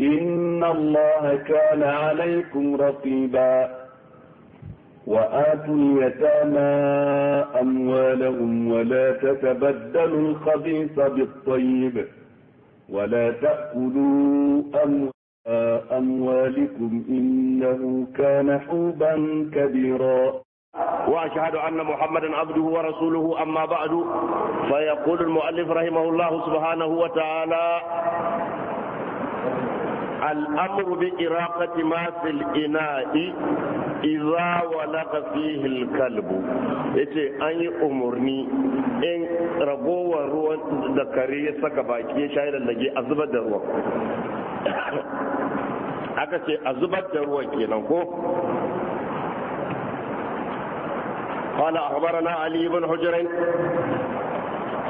إن الله كان عليكم رقيبا وآتوا اليتامى أموالهم ولا تتبدلوا الخبيث بالطيب ولا تأكلوا أموالكم إنه كان حوبا كبيرا وأشهد أن محمدا عبده ورسوله أما بعد فيقول المؤلف رحمه الله سبحانه وتعالى الأمر بإراقة ما في الإناء إذا ولغ فيه الكلب yace an yi umarni in ragowar ruwan da kare ya saka baki ya shayar lallage a zubar da ruwan aka ce a zubar da ruwan kenan ko قال أخبرنا علي بن حجر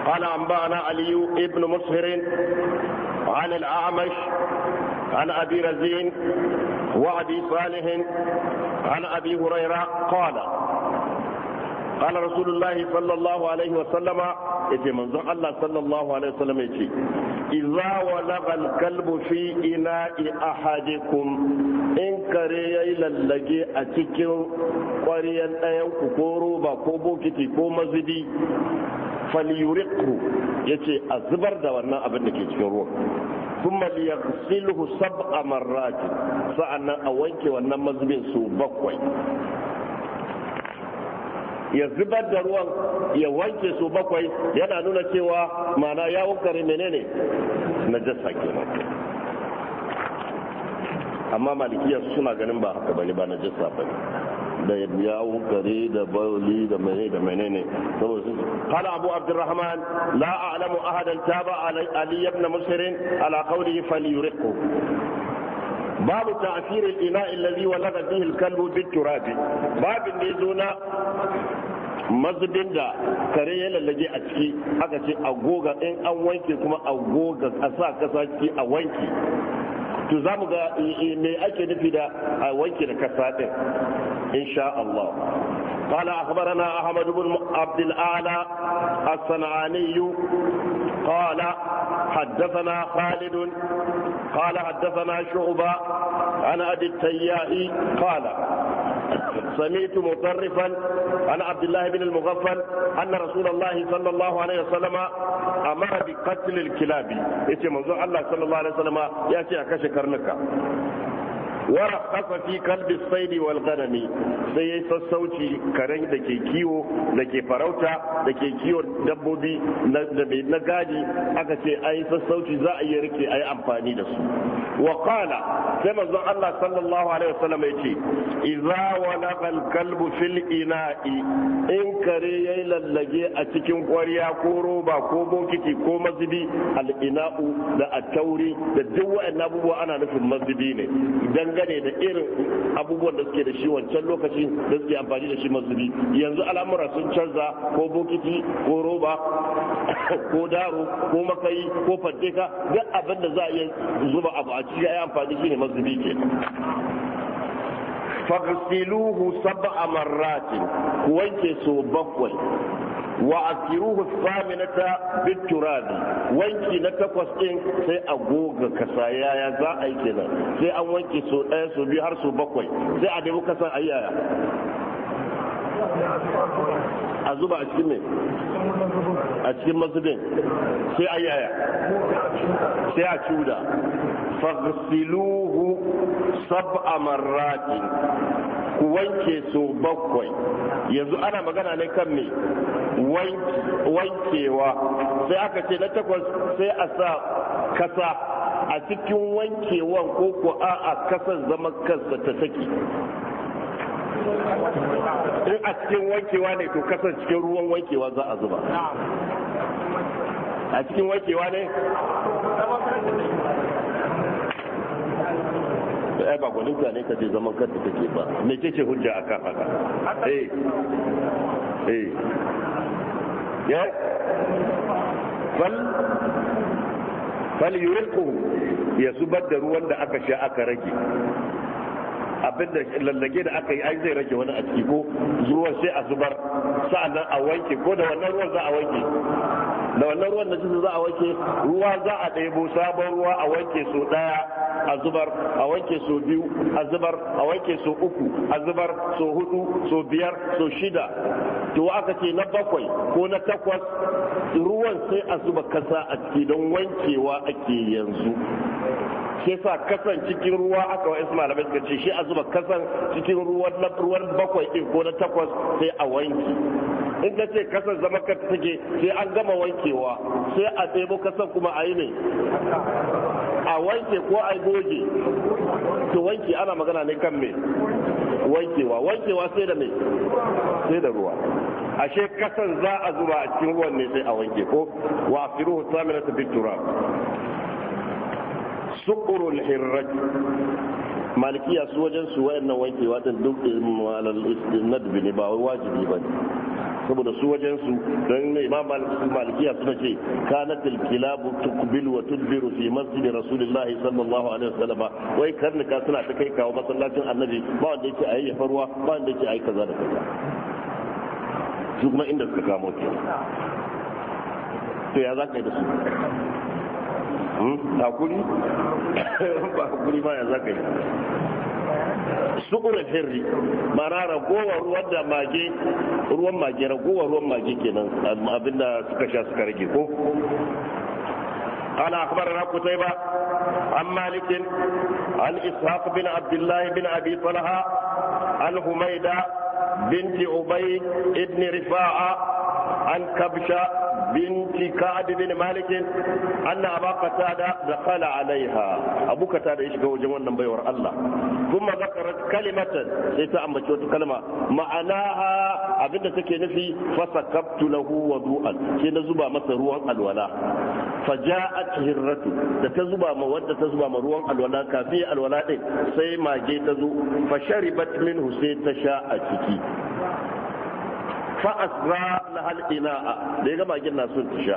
قال أنبأنا علي بن مصهر عن الأعمش عن أبي رزين وأبي صالح عن أبي هريرة قال قال رسول الله صلى الله عليه وسلم يجي منظر الله صلى الله عليه وسلم يجي إذا ولغ الكلب في إناء أحدكم إن كري للجي أتكر قريا أيو كورو بكوبو كتي كوما زدي فليرقه يجي أزبر دورنا أبنك يجي thumma liyaghsiluhu sab'a marrat sa'annan a wanke wannan mazubin su bakwai ya zubar da ruwan ya wanke su bakwai yana nuna cewa mana ya wukare menene najasa kenan amma malikiya suna ganin ba haka bane ba najasa bane da ya kare da bauli da mene da menene saboda su qala abu abdurrahman la a'lamu ahadan taba ali ibn musir ala qawlihi falyuriqu babu ta'thir al-ina alladhi walada bihi al kalb bit-turab babin da yazo na mazubin da kare ya lallage a ciki aka ce a goga in an wanke kuma a goga a sa kasa ciki a wanke to za mu ga eh, eh, me ake nufi da a wanke da kasa din إن شاء الله قال أخبرنا أحمد بن عبد الأعلى الصنعاني قال حدثنا خالد قال حدثنا شعبة عن أبي التياء قال سمعت مطرفا عن عبد الله بن المغفل أن رسول الله صلى الله عليه وسلم أمر بقتل الكلاب يتي منظور الله صلى الله عليه وسلم يأتي أكشكرنك ورخص kalbi كلب الصيد والغنم sai ya sassauci karen da ke kiwo da ke farauta da ke kiwon dabbobi na gadi aka ce a yi sassauci za a yi rike a yi amfani da su wa qala sai manzon Allah sallallahu alaihi wasallam ya ce idza walaga kalbu fil ina'i in kare yayi lallage a cikin kwarya ko roba ko bokiti ko mazubi al ina'u da a tauri da duk wa'annan abubuwa ana nufin mazubi ne idan dangane da irin abubuwan da suke da shi wancan lokaci da suke amfani da shi mazubi yanzu al'amura sun canza ko bokiti ko roba ko daro ko makayi ko fanteka duk abin da za a iya zuba abu a ciki ya amfani shi ne mazubi ke fagsiluhu sab'a marratin ku wanke so bakwai wa asiruhu saminata biturabi wanki na takwas din sai a goga kasa yaya za a yi kenan sai an wanke so ɗaya so biyu har so bakwai sai a nemi kasan ayyaya a zuba a cikin ne a cikin mazubin sai a yi aya sai a cuda fagsiluhu sab'a ku wanke su bakwai yanzu ana magana ne kan me wankewa sai aka ce na takwas sai a sa kasa a cikin wankewan ko ko a a kasar zama kansa ta take. in a cikin wankewa ne to kasance cikin ruwan wankewa za a zuba a cikin wankewa ne ai eh, ba gwaninta ne ka ce zaman kanta take ba me ce hujja a kan haka eh eh ya fal fal yuriqu ya zubar da ruwan da aka sha aka rage abin da lallage da aka yi ai zai rage wani a ciki ko ruwan sai a zubar sa'annan a wanke ko da wannan ruwan za a wanke da wannan ruwan na za a wanke ruwa za a ɗebo sabon ruwa a wanke so ɗaya a zubar a wanke so biyu a zubar a wanke so uku a zubar so hudu so biyar so shida to aka ce na bakwai ko na takwas ruwan sai a zuba kasa a ciki don wankewa ake yanzu shi sa kasan cikin ruwa aka wa isma malamai suka ce shi a zuba kasan cikin ruwan na ruwan bakwai din ko na takwas sai a wanki in ka ce kasan zama ka take sai an gama wankewa sai a ɗebo kasan kuma a yi ne a wanke ko a goge to wanke ana magana ne kan me wankewa wankewa sai da me sai da ruwa ashe kasan za a zuba a cikin ruwan ne sai a wanke ko wa firuhu bi biturab sukurul hirraj malikiya su wajen su wayannan wankewa watan duk malal istinad ne ba wajibi ba ne saboda su wajen su ne imam malikiya suna ce kanatil kilabu tukbil wa tudbiru fi masjid rasulullah sallallahu alaihi wasallam wai karnuka suna ta kai kawo masallacin annabi ba wanda yake ayi farwa ba wanda yake ayi kaza da kaza su kuma inda suka kamo ke to ya za ka yi da su Hmm? hakuri ba hakuri ma yanzu kai. mana ragowar ruwan da mage ruwan mage ragowar ruwan mage kenan abinda suka sha suka rage ko قال أخبرنا قتيبة عن مالك عن إسحاق بن عبد الله بن أبي طلحة عن هميدة بنت أبي ابن رفاعة عن كبشة Binki ka a dibi ni maliki? Ana amma da daka alaiha. Abu ka ta da ya shiga wajen wannan baiwar Allah. Kuma za ka sai ta ambaci wata kalama. Ma'ana abinda take ke nufi fasa kaptuna huwa ruwan. na zuba masa ruwan alwala. Fa ja a da ta zuba ma wanda ta zuba ma ruwan alwala kafin alwala ɗin. Sai mage ta zo fa shari batumin Husey ta sha a ciki. fa asra lahal ina'a da ya ga magen na son ta sha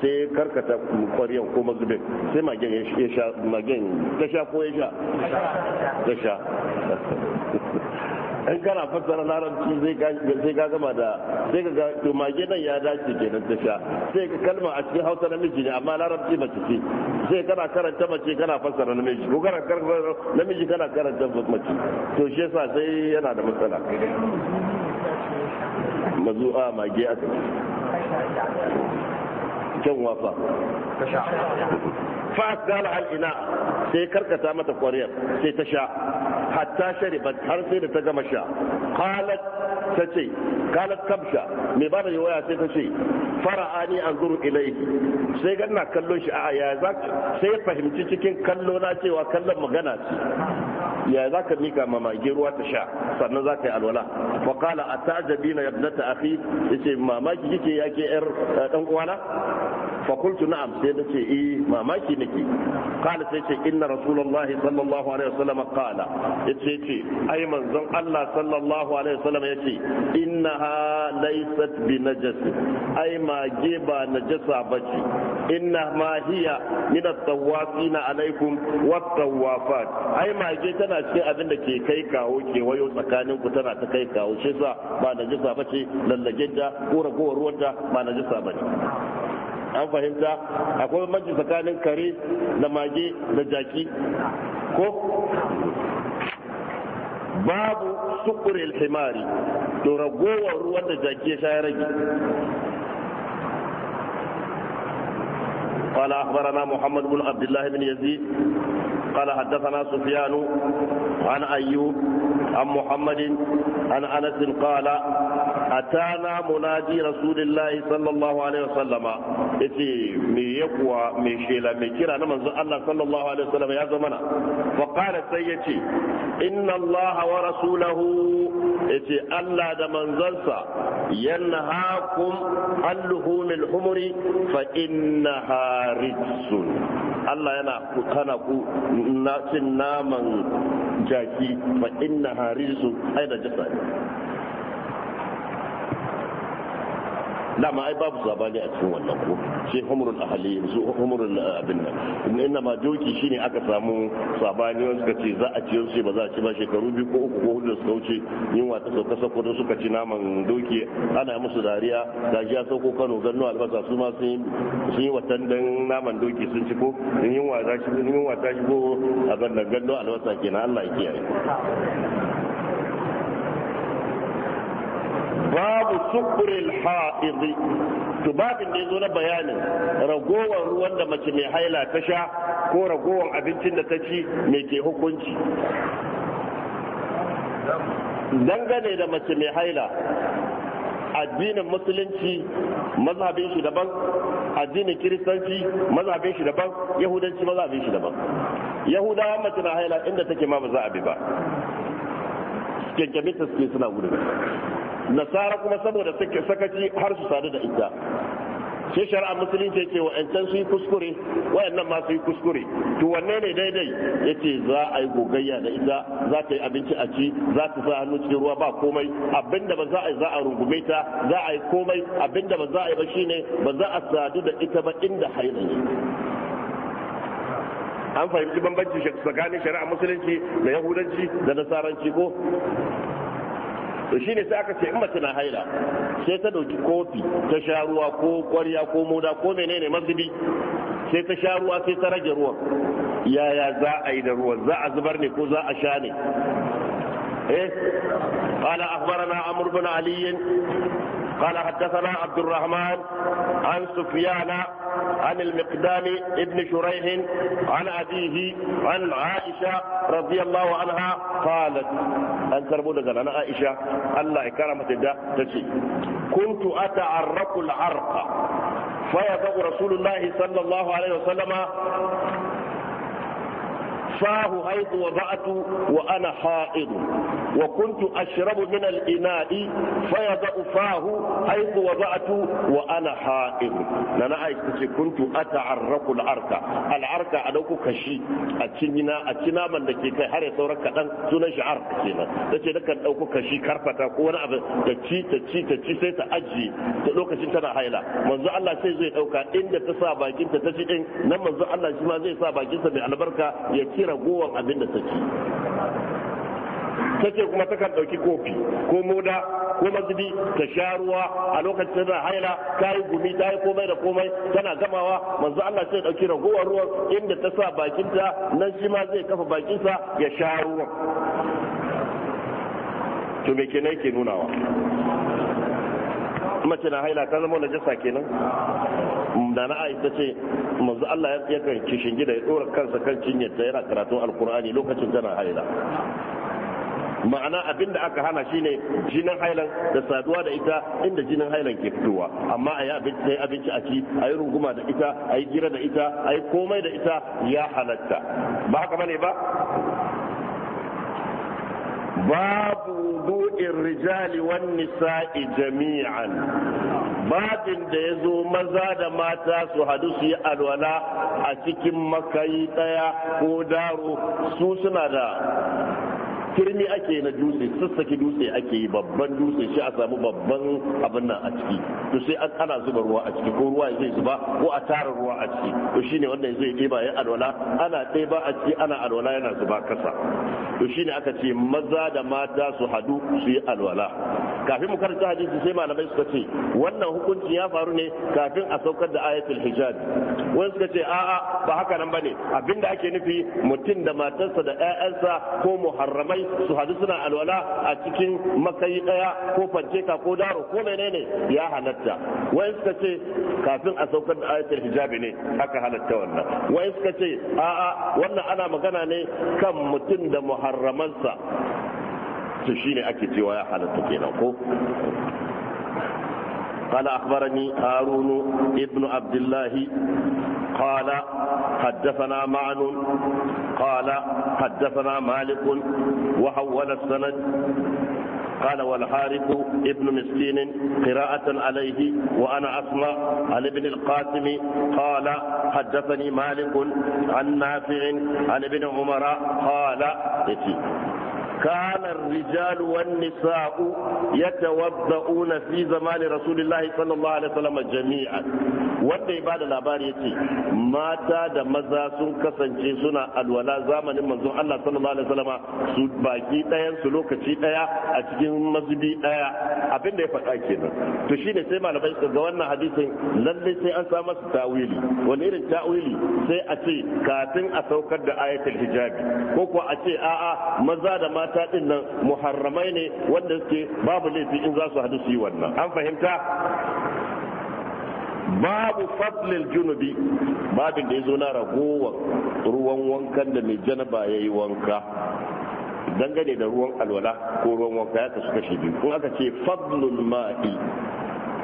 sai karkata kwaryan ko mazubin sai magen ya sha magen ta sha ko ya sha ta sha in kana fassara larabci sai ka gama da sai ka ga to mage nan ya dace kenan ta sha sai ka kalma a cikin hausa namiji ne amma larabci mace ce sai kana karanta mace kana fassara namiji ko kana karanta namiji kana karanta mace to shi yasa sai yana da matsala mazu'a mage aka kyan wafa fa'as dala al'ina sai karkata mata kwariyar sai ta sha hatta sharibat har sai da ta gama sha qalat ta ce qalat kabsha mai ba da waya sai ta ce fara'ani anzuru ilai sai ga kallo kallon shi a ya za sai fahimci cikin kallo na cewa kallon magana ce ya za ka mika ma mage ruwa ta sha sannan za ka yi alwala wa na atajabina ta afi ya ce mamaki kike yake yar dan eh, uwana fa qultu na'am sai nace eh mamaki nake qala sai ce inna rasulullahi sallallahu alaihi wasallam qala yace ce ai manzon Allah sallallahu alaihi wasallam yace innaha laysat bi najas ai mage ba najasa bace inna ma hiya min at-tawafina alaikum wat-tawafat ai mage tana cikin abin da ke kai kawo ke wayo tsakanin ku tana ta kai kawo shi sa ba najasa bace lallagen da ko ragowar ruwan da ba najasa bace an fahimta akwai maji tsakanin kare da mage da jaki ko babu sukuril himari to ragowar ruwan da jaki ya sha ya rage قال أخبرنا محمد بن عبد الله بن يزيد قال حدثنا سفيان عن أيوب عن عن انس قال اتانا منادي رسول الله صلى الله عليه وسلم اتي مي يقوى مي شيلا مي كيرا نمن الله صلى الله عليه وسلم يا زمنا فقال سيتي ان الله ورسوله اتي الله ده منزلسا ينهاكم عن لحوم الحمر فانها رجس الله ينا كنا كو ناس نامن jaki fa inna harizu ai dama ai babu sabani a cikin wannan ko shi humrul ahli yanzu humrul abin nan kuma inna ma doki shine aka samu sabani wanda suka ce za a ci sai ba za a ci ba shekaru biyu ko uku ko hudu suka wuce yunwa ta sauka da suka ci naman doki ana musu dariya da ya sauko kano gannu albasa su ma sun yi watan dan naman doki sun ci ko yunwa ta shigo abin nan gannu albasa kenan allah ya kiyaye babu al ha'izi to babin da yazo zo na bayanin ragowar ruwan da mace mai haila ta sha ko ragowar abincin da ta ci mai ke hukunci dangane da mace mai haila addinin musulunci mazhabin shi daban addinin kiristanci mazhabin shi daban yahudanci mazhabin shi daban yahudawa mace na haila inda take ma ba za a bi ba kyankyami ta suna gudu nasara kuma saboda sakaci har su sadu da ita sai shari'a musulunci yake wa'ancan su yi kuskure wayannan ma su yi kuskure to wanne ne daidai yace za a yi gogayya da ita za ta yi abinci a ci za ta sa hannu cikin ruwa ba komai abinda ba za a yi za a rungume ta za a yi komai abinda ba za a yi ba shine ba za a sadu da ita ba inda haila ne an fahimci bambanci tsakanin shari'a musulunci da yahudanci da nasaranci ko to shine sai aka ce in mace na haila sai ta dauki kofi ta sha ruwa ko kwarya ko moda ko menene mazubi sai ta sha ruwa sai ta rage ruwan yaya za a yi da ruwan za a zubar ne ko za a sha ne eh قال اخبرنا amr bin علي قال حدثنا عبد الرحمن عن سفيان عن المقدام ابن شريح عن أبيه عن عائشة رضي الله عنها قالت أن تربو أنا عائشة الله كرمت ده كنت أتعرق العرق فيضع رسول الله صلى الله عليه وسلم فاه حيث وضعت وأنا حائض وكنت أشرب من الإناء فيضع فاه حيث وضعت وأنا حائض أنا أيكتش كنت أتعرق العركة العركة أدوك كشي أتنينا أتنا من دكي كي هاري ثورك كتن سنش عرق كينا تشي دكا أدوك كشي كرفة كونا أبن تشي تشي تشي سيتا أجي تلوك سنتنا هايلا منذ الله سيزي أوكا إن تسا باكين تتشي إن نمنذ الله سيما زي سا باكين سبي البركة يكير ragowar abin da ta ci kuma takan ɗauki kofi ko moda ko mazubi ta sha ruwa a lokacin da haila ta yi gumi ta yi komai da komai tana gamawa manzo Allah sai ɗauki ragowar ruwa inda ta sa bakinta nan shi ma zai kafa bakinsa ya sha ruwan to me kenan yake nunawa mace na haila ta zama najasa kenan nana aisha ce manzo Allah ya kan kishin da ya dora kansa kan cinyarta yana karatun alkur'ani lokacin tana haila ma'ana abin da aka hana shine jinin hailan da saduwa da ita inda jinin hailan ke fitowa amma a yi abinci a ci a yi runguma da ita a yi gira da ita a yi komai da ita ya halatta ba haka bane ba babu du'in rijali wan nisa'i jami'an babin da ya zo maza da mata su hadu su yi alwala a cikin makayi daya ko daro su suna da kirmi ake na dutse sassaki dutse ake yi babban dutse shi a samu babban abin nan a ciki to sai an ana zuba ruwa a ciki ko ruwa zai zuba ko a tara ruwa a ciki to shine wannan zai ɗeba ya alwala ana ɗeba a ciki ana alwala yana zuba kasa to shine aka ce maza da mata su hadu su yi alwala kafin mu karanta hadisi sai malamai suka ce wannan hukunci ya faru ne kafin a saukar da ayatul hijab wani suka ce a'a ba haka nan bane abinda ake nufi mutum da matarsa da 'ya'yansa ko muharramai su hadu suna alwala a cikin makayi daya ko fanceka ko daro ko menene ya halatta wai suka ce kafin a saukar da ayatul hijabi ne aka halatta wannan wai suka ce a'a wannan ana magana ne kan mutum da muharramansa to shine ake cewa ya halatta kenan ko قال أخبرني هارون ابن عبد الله قال حدثنا معن قال حدثنا مالك وحول السند قال والحارث ابن مسكين قراءة عليه وأنا أسمع عن ابن القاسم قال حدثني مالك عن نافع عن ابن عمر قال إيه؟ كان الرجال والنساء يتوضؤون في زمان رسول الله صلى الله عليه وسلم جميعا wanda ya bada labari ya ce mata da maza sun kasance suna alwala zamanin manzon Allah sallallahu alaihi wasallama su baki ɗayan su lokaci ɗaya a cikin mazubi ɗaya abin da ya faɗa kenan to shine sai malamai ga wannan hadisin lalle sai an sa masa tawili wani irin tawili sai a ce kafin a saukar da ayatul hijabi ko kuwa a ce a'a maza da mata din nan muharramai ne wanda suke babu laifi in za su hadu su yi wannan an fahimta babu fadlil junubi babin da ya zo na ragowar ruwan wankan da mai janaba ya yi wanka dangane da ruwan alwala ko ruwan wanka ya kasu kashe biyu in aka ce fadlul ma'i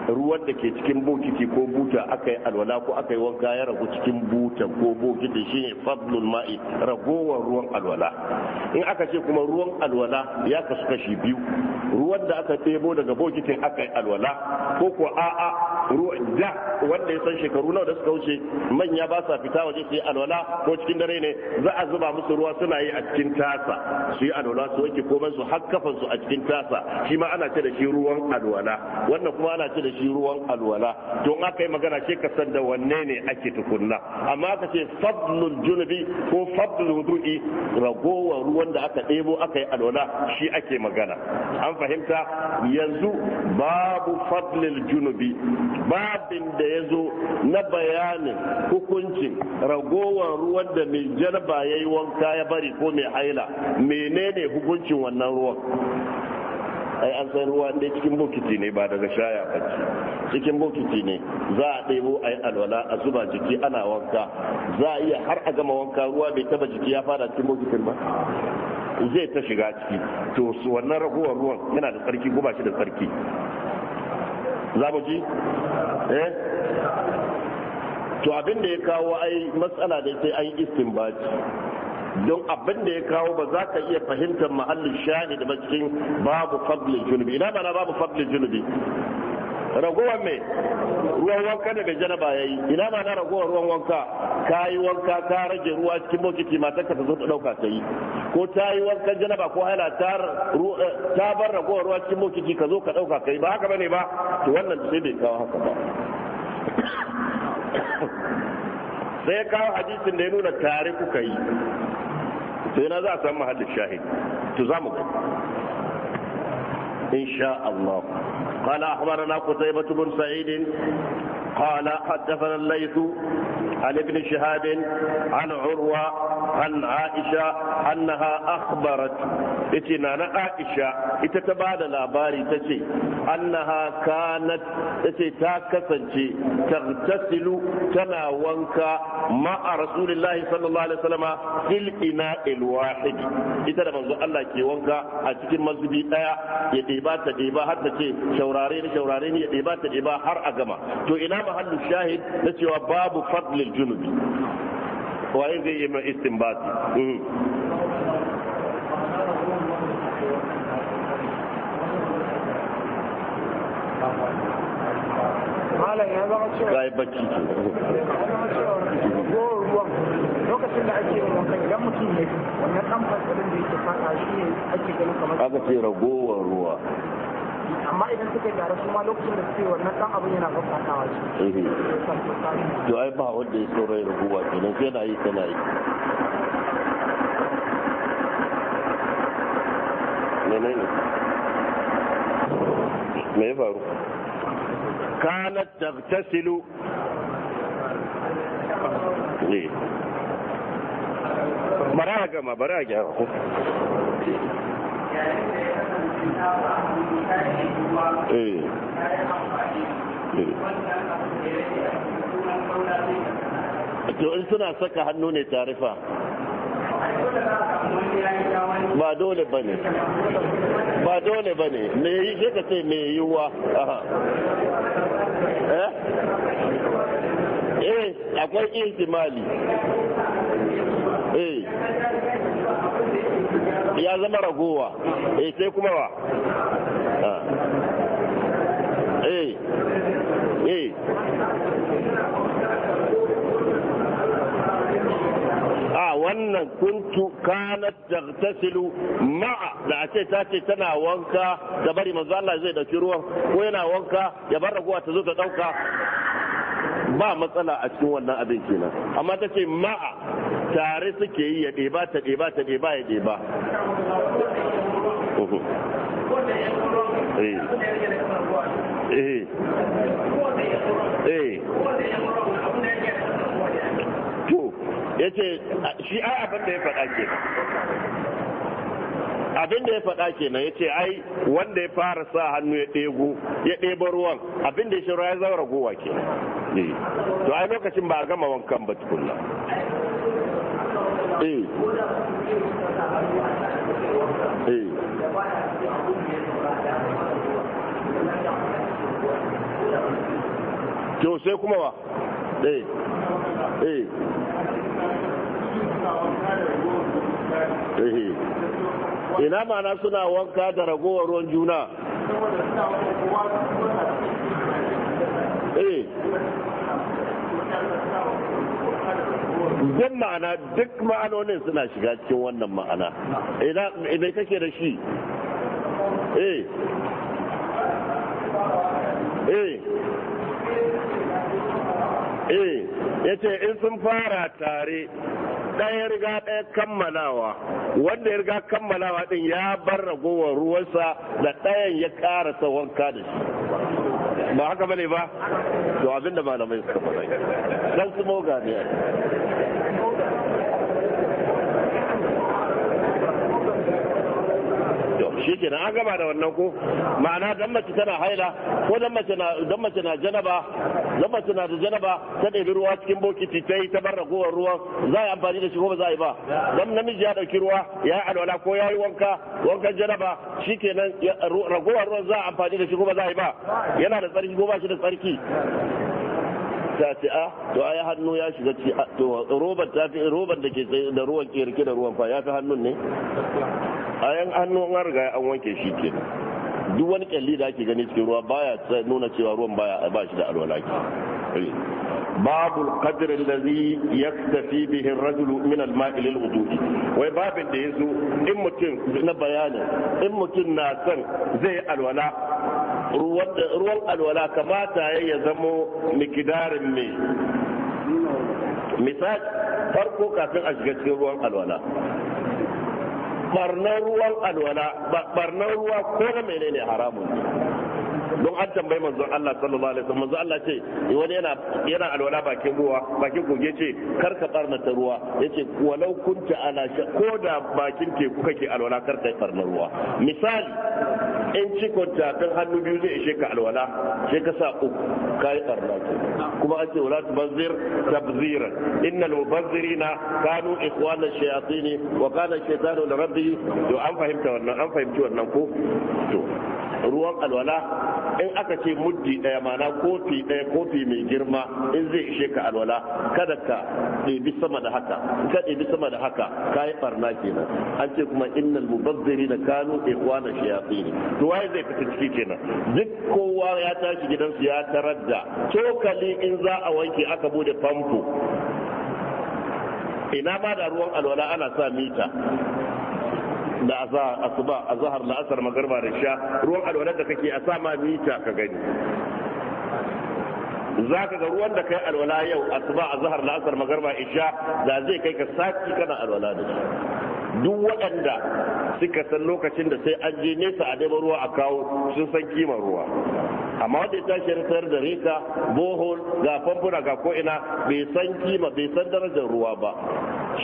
ruwan da ke cikin bokiti ko buta aka yi alwala ko aka yi wanka ya ragu cikin buta ko bokiti shi ne fadlul ma'i ragowar ruwan alwala in aka ce kuma ruwan alwala ya kasu kashi biyu ruwan da aka ɗebo daga bokitin aka yi alwala ko ko a'a ruwan da wanda ya san shekaru nawa da suka wuce manya ba sa fita waje su yi alwala ko cikin dare ne za a zuba musu ruwa suna yi a cikin tasa su yi alwala su wanke komai su har su a cikin tasa shi ma ana ce da shi ruwan alwala wannan kuma ana ce da shi ruwan alwala don aka yi magana shi ka da wanne ne ake tukunna amma ka ce fadlul junubi ko fadlul wudu'i ragowar ruwan da aka ɗebo aka yi alwala shi ake magana an fahimta yanzu babu fadlul junubi babin da ya zo na bayanin hukuncin ragowar ruwan da mai jarba ya wanka ya bari ko mai haila menene hukuncin wannan ruwan ai an san ruwa inda cikin bokiti ne ba daga shaya ba cikin bokiti ne za a ɗebo a yi alwala a zuba jiki ana wanka za a iya har a gama wanka ruwa bai taba jiki ya fara cikin bokitin ba zai ta shiga ciki to su wannan ragowar ruwan yana da tsarki ko ba shi da tsarki za mu ji eh to abin da ya kawo ai matsala da sai an yi istinbaci don abin da ya kawo ba za ka iya fahimtar mahallin shahid ba cikin babu fadlin junubi ina mana babu fadlin junubi ragowar mai ruwan wanka da bai janaba ya yi ina ma na ragowar ruwan wanka ka yi wanka ka rage ruwa cikin bokiti ka ta zo ta ɗauka ta yi ko ta yi wankan janaba ko haila ta eh, bar ragowar ruwa cikin bokiti ka zo ka ɗauka ka yi ba haka bane ba to wannan sai bai kawo haka ba sai kawo hadisin da ya nuna tare kuka yi to za a samu mahallin shahid to za mu gani Allah قال حدثنا الليث عن ابن شهاب عن عروة عن عائشة أنها أخبرت إتنا عائشة إتتبادل لاباري تشي أنها كانت تشي تاكسنشي تغتسل تنا وانكا مع رسول الله صلى الله عليه وسلم في الإناء الواحد إتنا منذ الله كي وانكا أتكي مزبي آية يديبات تديبا حتى تشي شورارين شورارين يديبات تديبا har a gama to ina mahallin shahid na cewa babu fadlil junubi waye zai yi mai istinbati mhm. malam ya zama cewa lokacin da ake wankan idan mutum ne wannan dan fasalin da yake fada shi ake ganin ruwa amma idan suka yi tare kuma lokacin da suke wannan dan abin yana kwakwatawa shi mhm. to ai ba wanda ya tsoron raguwa kenan sai na yi tana yi ne? me ya faru kanat tagtasilu ne bara gama bara gama Eh. to in suna saka hannu ne tarifa ba dole ba ne ba dole ba ne mai yi ka ce mai yiwuwa eh? eh akwai ihtimali eh ya zama ragowa eh sai kuma wa ah. eh eh wannan kuntu kanat tagtasilu ma'a da a ce ta ce tana wanka da bari manzo Allah zai dauki ruwan ko yana wanka ya bar raguwa ta zo ta dauka ba matsala a cikin wannan abin kenan amma ta ce ma'a tare suke yi ya ɗeba ta ɗeba ta ɗeba ya ɗeba eh. Eh. Eh. to ya ce shi ai abin da ya faɗa ke abin da ya faɗa kenan ya ce ai wanda ya fara sa hannu ya ɗego ya ɗeba ruwan abin da ya shirya ya zaura gowa ke to ai lokacin ba a gama wankan ba tukunna eh sai kuma wa eh ina mana suna wanka da ragowar ruwan juna eh duk ma'ana duk ma'anonin suna shiga cikin wannan ma'ana idan kake da shi eh eh, eh. ya ce in sun fara tare ɗaya riga ɗaya kammalawa wanda ya riga kammalawa ɗin ya bar ragowar ruwansa da ɗayan ya ƙarasa wanka da shi ba haka bane ba to abinda malamai suka faɗa dan su moga ne shikenan an gaba da wannan ko ma'ana dan mace tana haila ko dan mace na dan mace na janaba dan mace na da janaba ta ɗebi ruwa cikin bokiti ta yi ta bar ragowar ruwa za a yi amfani da shi ko ba za a yi ba dan namiji ya ɗauki ruwa ya yi alwala ko ya yi wanka wankan janaba shikenan ragowar ruwan za a amfani da shi ko ba za a yi ba yana da tsarki ko ba shi da tsarki ta ce a ah, to ai hannu ya shiga ci ah, to robar ta fi robar da ke da ruwan ke rike da ruwan fa ya fi hannun ne ayan hannu an riga an wanke shi ke duk wani kyalli da ake gani cikin ruwa baya nuna cewa ruwan baya ba shi da alwala eh. babu kadirin da zai ya tafi bihin rajulu min al-ma'i wudu'i wai babin da yazo in mutum na bayani in mutum na san zai alwala ruwan alwala kamata ya zamo mikidarin me misali farko kafin a shiga cikin ruwan alwala barnar ruwan alwala barnar ruwa ko da menene haramun don an tambayi manzon Allah sallallahu alaihi wasallam manzon Allah ce eh, wani yana yana alwala bakin ruwa bakin goge ce kar ka ta ruwa yace walau kunta ala ko da bakin teku kake alwala kar kai barnar ruwa misali in kwanta kan hannu biyu zai ishe ka alwala sai ka sa uku kai barna kuma ake wala tubazzir tabziran innal mubazzirina kanu ikhwana shayatin wa kana shaytanu li to an fahimta wannan an fahimci wannan ko to ruwan alwala in aka ce muddi ɗaya mana kofi ɗaya kofi mai girma in zai ishe ka alwala kada ka ɗebi sama da haka ka ɗebi sama da haka ka yi barna kenan an ce kuma innal mubazziri na kanu ikwana ne to waye zai fita ciki kenan duk kowa ya tashi gidansu ya tarar da cokali in za a wanke aka bude famfo ina ba da ruwan alwala ana sa mita da a zahar azahar la'asar magarba da sha ruwan alwalar da kake a sama mita ka gani za ka ga ruwan da kai alwala yau asuba azahar la'asar magarba isha da zai kai ka sati kana alwala da shi duk waɗanda suka san lokacin da sai an je nesa a daiba ruwa a kawo sun san kimar ruwa amma wanda ya tashi sayar da reka bohol ga famfuna ga ko ina bai san kima bai san darajar ruwa ba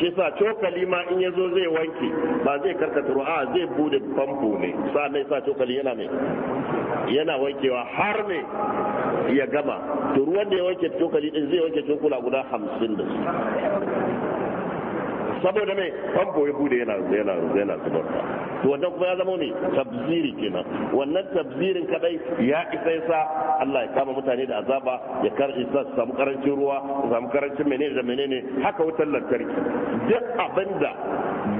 shi sa cokali ma in ya zo zai wanke ba zai karkata ruwa zai bude famfo ne sa mai sa cokali yana mai yana wankewa har ne ya gama to ruwan da ya wanke cokali din zai wanke cokula guda hamsin da su saboda mai famfo ya bude yana yana yana zubar to wannan kuma ya zama ne tabziri kenan wannan tabzirin kadai ya isa yasa Allah ya kama mutane da azaba ya kar isa su samu karancin ruwa su samu karancin menene da menene haka wutar lantarki duk abinda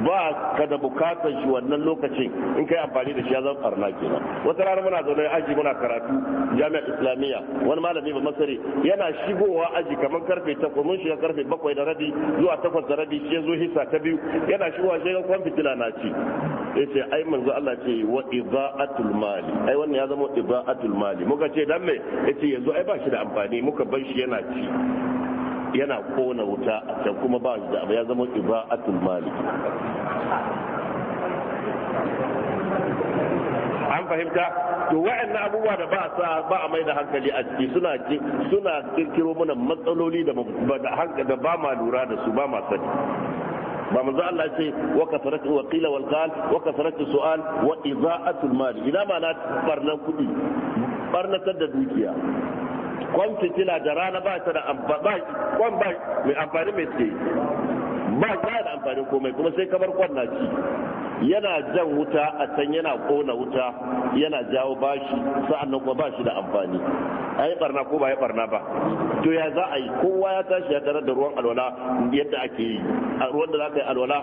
ba ka da bukatar shi wannan lokacin in kai amfani da shi ya zama barna kenan wata rana muna zaune aji muna karatu jami'ar islamiyya wani malami ba masari yana shigowa aji kamar karfe takwas mun shiga karfe bakwai da rabi zuwa takwas da rabi shi zo kisa ta biyu yana shigowa shi ga kwan fitila na ci ya ce ai manzo Allah ce wa idza'atul mali ai wannan ya zama idza'atul mali muka ce dan me ce yanzu ai ba shi da amfani muka bar shi yana ci yana kona wuta a can kuma ba shi da abu ya zama idza'atul mali an fahimta to wa'annan abubuwa da ba sa ba a mai da hankali a ciki suna suna kirkiro mana matsaloli da ba ma lura da su ba ma sani ba manzo Allah ya ce wa kasarat wa qila wal qal wa kasarat su'al wa iza'atul mal ina ma na barna kudi barna da dukiya kwan fitila da rana ba ta da amfani kwan ba mai amfani mai ce ba ta da amfani komai kuma sai kamar kwan na ci yana jan wuta a can yana kona wuta yana jawo bashi sa'annan kuma bashi da amfani a yi barna ko ba ya barna ba to ya za a yi kowa ya tashi ya tarar da ruwan alwala yadda ake yi a ruwan da za ka yi alwala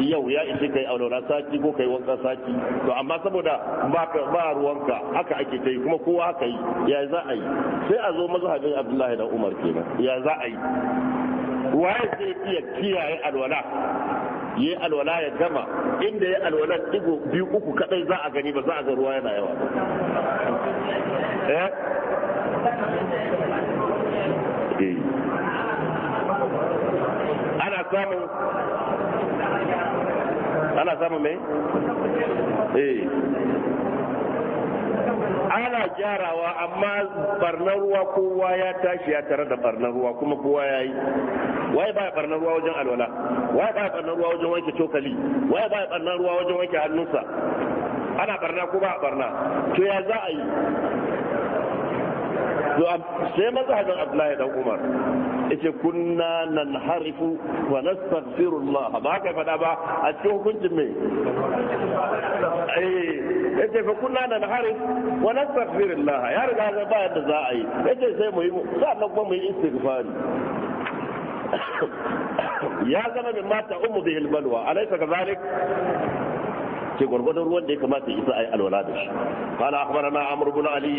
yau ya ishe ka yi alwala sati ko ka yi wanka sati to amma saboda ba ruwanka haka ake ta yi kuma kowa haka yi ya za a yi sai a zo mazhabin abdullahi da umar kenan ya za a yi waye zai iya kiyaye alwala ya yi alwala ya gama inda ya alwala digo biyu uku kadai za a gani ba za a ga ruwa yana yawa eh? ana samun ana ana gyarawa amma barnar ruwa kowa ya tashi ya tare da barnar ruwa kuma kowa ya yi waye baya barnar ruwa wajen alwala waye baya barnar ruwa wajen wanke cokali waye baya barnar ruwa wajen wanke hannunsa ana barna ko ba barna to ya za a yi sai mazhabin abdullahi dan umar yace kunna nanharifu wa nastaghfirullah ba ka faɗa ba a cikin hukuncin me eh yace fa kunna nanharif wa nastaghfirullah ya riga ga ba yadda za a yi yace sai mu yi sannan kuma mu yi istighfari ya zama min mata ummu bihil balwa alaysa kadhalik ke gwargwadon ruwan da ya kamata isa ayi alwala da shi qala akhbarana amr ibn ali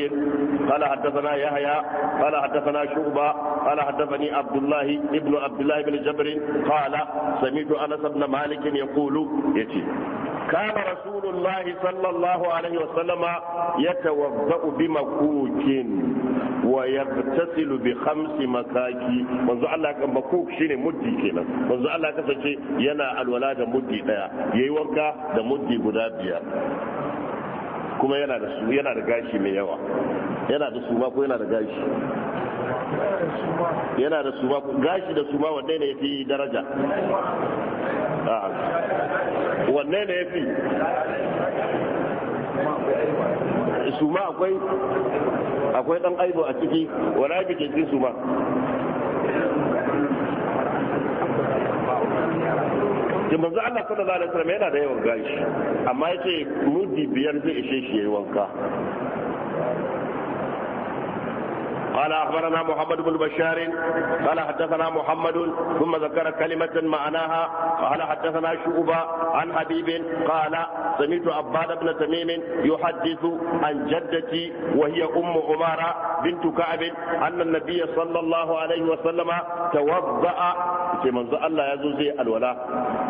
qala haddathana yahya qala haddathana shu'ba qala haddathani abdullah ibn abdullah ibn jabr qala sami'tu anas ibn malik yaqulu yace كان رسول الله صلى الله عليه وسلم يتوضأ wa yaghtasilu bi khamsi makaki manzo Allah kan makuk shine muddi kenan manzo Allah kasance yana alwala da muddi daya yayi wanka da muddi guda biyar kuma yana da su yana da gashi mai yawa yana da suma ko yana da gashi yana da suma gashi da suma wanne ne yafi daraja wanne ne yafi su ma akwai akwai dan aibo a ciki wala ke su ma da manzo Allah sallallahu alaihi wasallam yana da yawan gashi amma yace mudi biyar zai ishe shi yayi wanka قال أخبرنا محمد بن بشار قال حدثنا محمد ثم ذكر كلمة معناها قال حدثنا شعبة عن حبيب قال سمعت عباد بن تميم يحدث عن جدتي وهي أم عمارة بنت كعب أن النبي صلى الله عليه وسلم توضأ في منزع الله يزوزي الولاء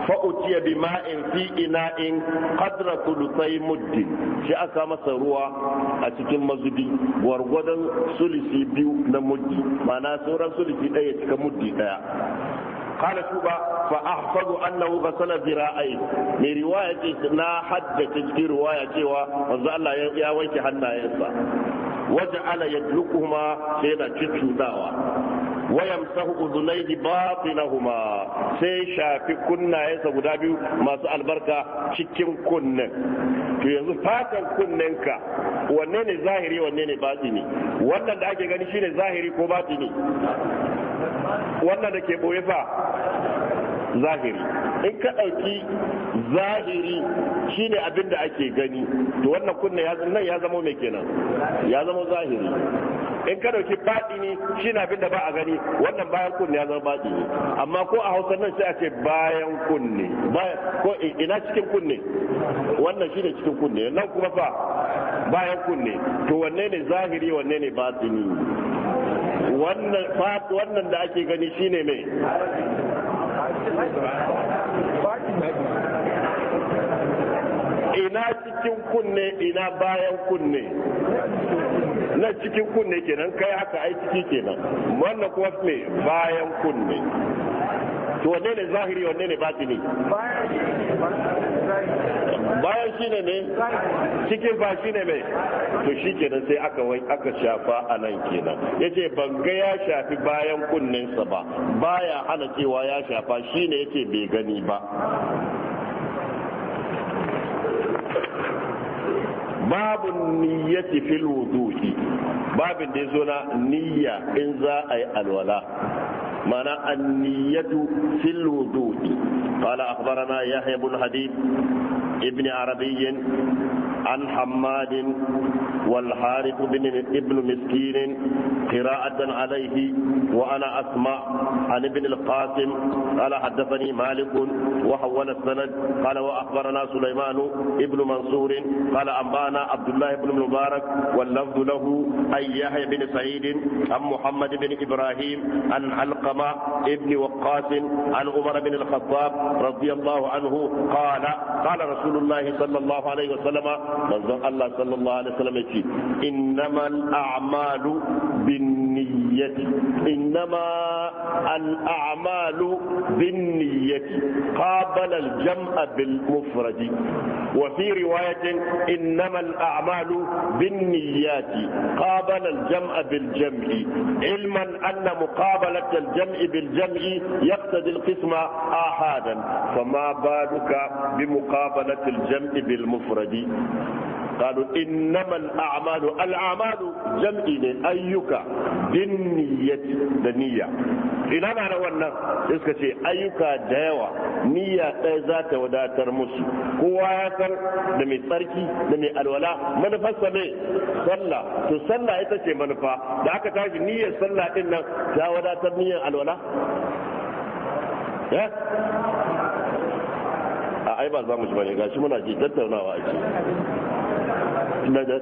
فأتي بماء في إناء قدر ثلثي مد شاء كما سروا أتكلم مزدي ورغدا ثلثي biyu na muddi ma'ana sauran su liki ɗaya cika muddi ɗaya kala su ba fa a annahu ga sana mai riwaya ce na hadda cikin riwaya cewa wanzu Allah ya wanke hannayensa wajen ala ya dukuma sai na cuttudawa ويمسح أذنيه باطنهما سي شافي كنا يسا guda biyu masu albarka cikin kunnen. to yanzu fatan kunnenka wanne ne zahiri wanne ne batini wannan da ake gani shine zahiri ko ba su batini wannan da ke boye fa zahiri in ka ɗauki zahiri shine abin da ake gani to wannan kunne ya zama mai kenan ya zama zahiri in ka dauki ne shi na abin da ba a gani wannan bayan kunne ya zama ne. amma ko a hausa nan sai a ce bayan kunne ko ina cikin kunne wannan shi ne cikin kunne nan kuma fa bayan kunne to wanne ne zahiri wanne ne baɗini wannan da ake gani shi ne mai ina cikin kunne ina bayan kunne na cikin kunne kenan kai haka ai ciki kenan wannan kuma me bayan kunne to wanne ne zahiri wanne ne batini bayan shi ne ne cikin ba shi ne mai to shi kenan sai aka wai aka shafa a nan kenan ya ce ban ga ya shafi bayan kunnensa ba baya hana cewa ya shafa shi ne ya ce bai gani ba باب النية في الوضوء باب ديزونا نية انزا اي الولاء معنى النية في الوضوء قال اخبرنا يحيى بن حديد ابن عربي عن حماد والحارث بن ابن مسكين قراءة عليه وأنا أسمع عن ابن القاسم قال حدثني مالك وحول السند قال وأخبرنا سليمان ابن منصور قال أنبانا عبد الله بن المبارك واللفظ له أن يحيى بن سعيد عن محمد بن إبراهيم عن علقمة ابن وقاس عن عمر بن الخطاب رضي الله عنه قال قال رسول الله صلى الله عليه وسلم manzon Allah sallallahu alaihi wasallam yace innamal a'malu binniyati innama al a'malu binniyati qabala al jam'a bil mufrad wa fi riwayatin innamal a'malu binniyati qabala al jam'a bil jam'i ilman anna muqabalat al jam'i bil jam'i yaqtadi al qisma ahadan fama al jam'i bil mufrad قالوا إنما الأعمال الأعمال جمع أيك بالنية النية إلى ما نوانا إسكتي أيك داوى نية ذات ودا ترمس كواتر دمي تركي دمي الولاء من فسمي صلى تصلى إتتي من فا دعك تاج نية صلى إن دا ودا ترمية الولاء ai ba za mu shi bane gashi muna ke tattaunawa ake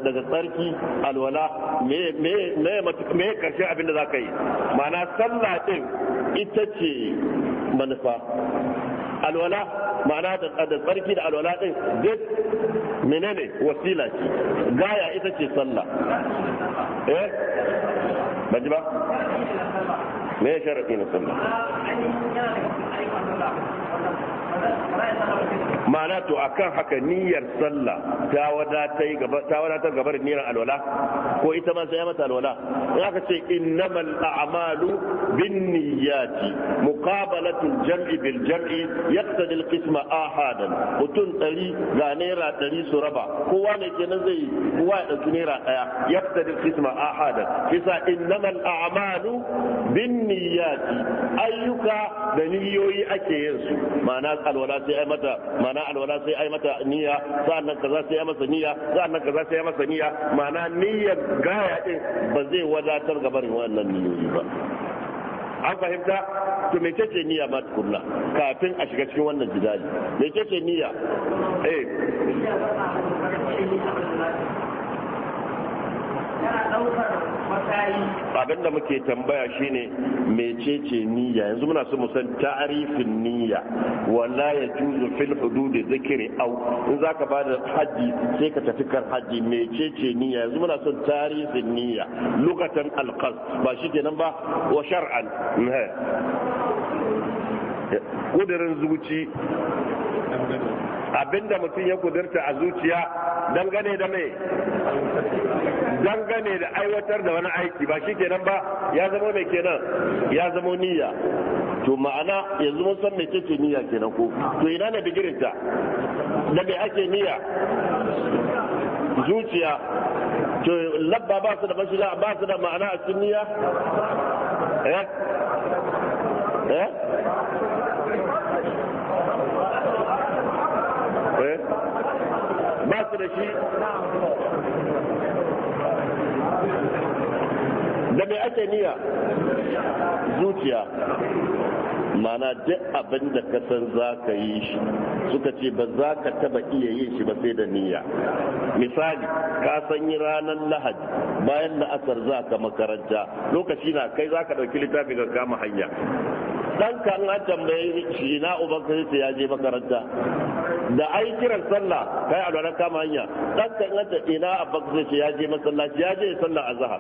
daga tsarki alwala me karshen abin da za ka yi mana sallah din ita ce manufa alwala ma'ana da tsarki da alwala din duk menene wasila ce gaya ita ce sallah eh ba ji ba me sharafi na sallah ma'ana to a kan haka niyyar sallah ta wadatar gaba da niyyar alwala ko ita ma sai ya mata alwala in aka ce innamal a'malu bin niyyati muqabalatu jam'i bil jam'i yaqtadi al qisma ahadan mutun dari ga naira dari su raba kowa ne kenan zai kowa ya dauki naira daya yaqtadi al qisma ahadan kisa innamal a'malu bin niyyati ayyuka da niyyoyi ake yin su ma'ana alwala alwala sai ai mata ma'ana alwala sai ai mata niyya sa'annan kaza sai ai masa niyya sa'annan kaza sai ai masa niyya ma'ana niyyar gaya din ba zai wadatar ga barin wannan niyyoyi ba an fahimta to mecece niyya ma tukunna kafin a shiga cikin wannan jidali mecece niyya eh abin da muke tambaya shine mecece niyya yanzu muna so mu san ta'rifin niyya wala ya juzu fil hudud zikri au, in zaka bada haji sai ka tafi kan haji mecece niyya yanzu muna son ta'rifin niyya lokacin alqas ba shi kenan ba wa shar'an kudirin zuci abinda mutum ya kudirta a zuciya dangane da mai dangane da aiwatar da wani aiki ba shi kenan ba ya zama mai kenan ya zama niyya to ma'ana yanzu mun san mece ce niyya kenan ko to ina ne digirin ta da mai ake niyya zuciya to labba ba su da mashiga ba su da ma'ana a cikin niyya eh eh, eh? ba su da shi da mai ake niyya zuciya mana duk abin da ka san za ka yi shi suka ce ba za ka taba iya yin shi ba sai da niyya misali ka san yi ranar lahadi bayan la'asar za ka makaranta lokaci na kai za ka ɗauki littafi ga kama hanya dan kan an tambaye shi na ubakar sai ya je makaranta da ai kiran sallah kai a alwala kama hanya dan kan an ta ina abakar sai ya je masallaci ya je sallah azhar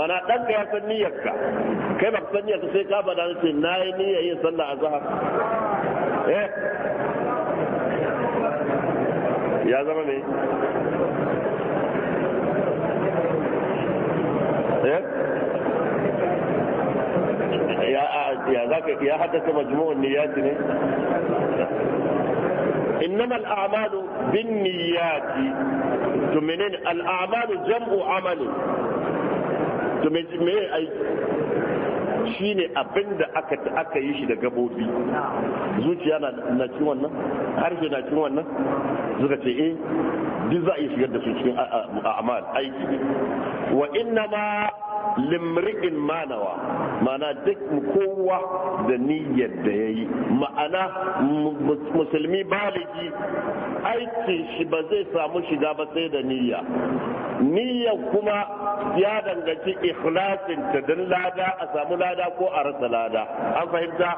mana dan ka ya san niyyarka kai ba san niyyarka sai ka bada ce nayi niyyar yin sallah azhar eh ya zama ne eh? ya ya zaka ya haddasa majmu'un niyyat ne إنما الأعمال بالنيات تمنين الأعمال جمع عمل تمنين aka yi shi gabobi zuciya na cin wannan harshe na cin wannan suka ce eh a yi ma limri'in manawa mana duk kowa da niyyar da ya yi ma'ana musulmi baligi aikin shi ba zai samu shiga ba sai da niyya niyya kuma ya danganci ikhlasin ta don lada a samu lada ko a rasa lada an fahimta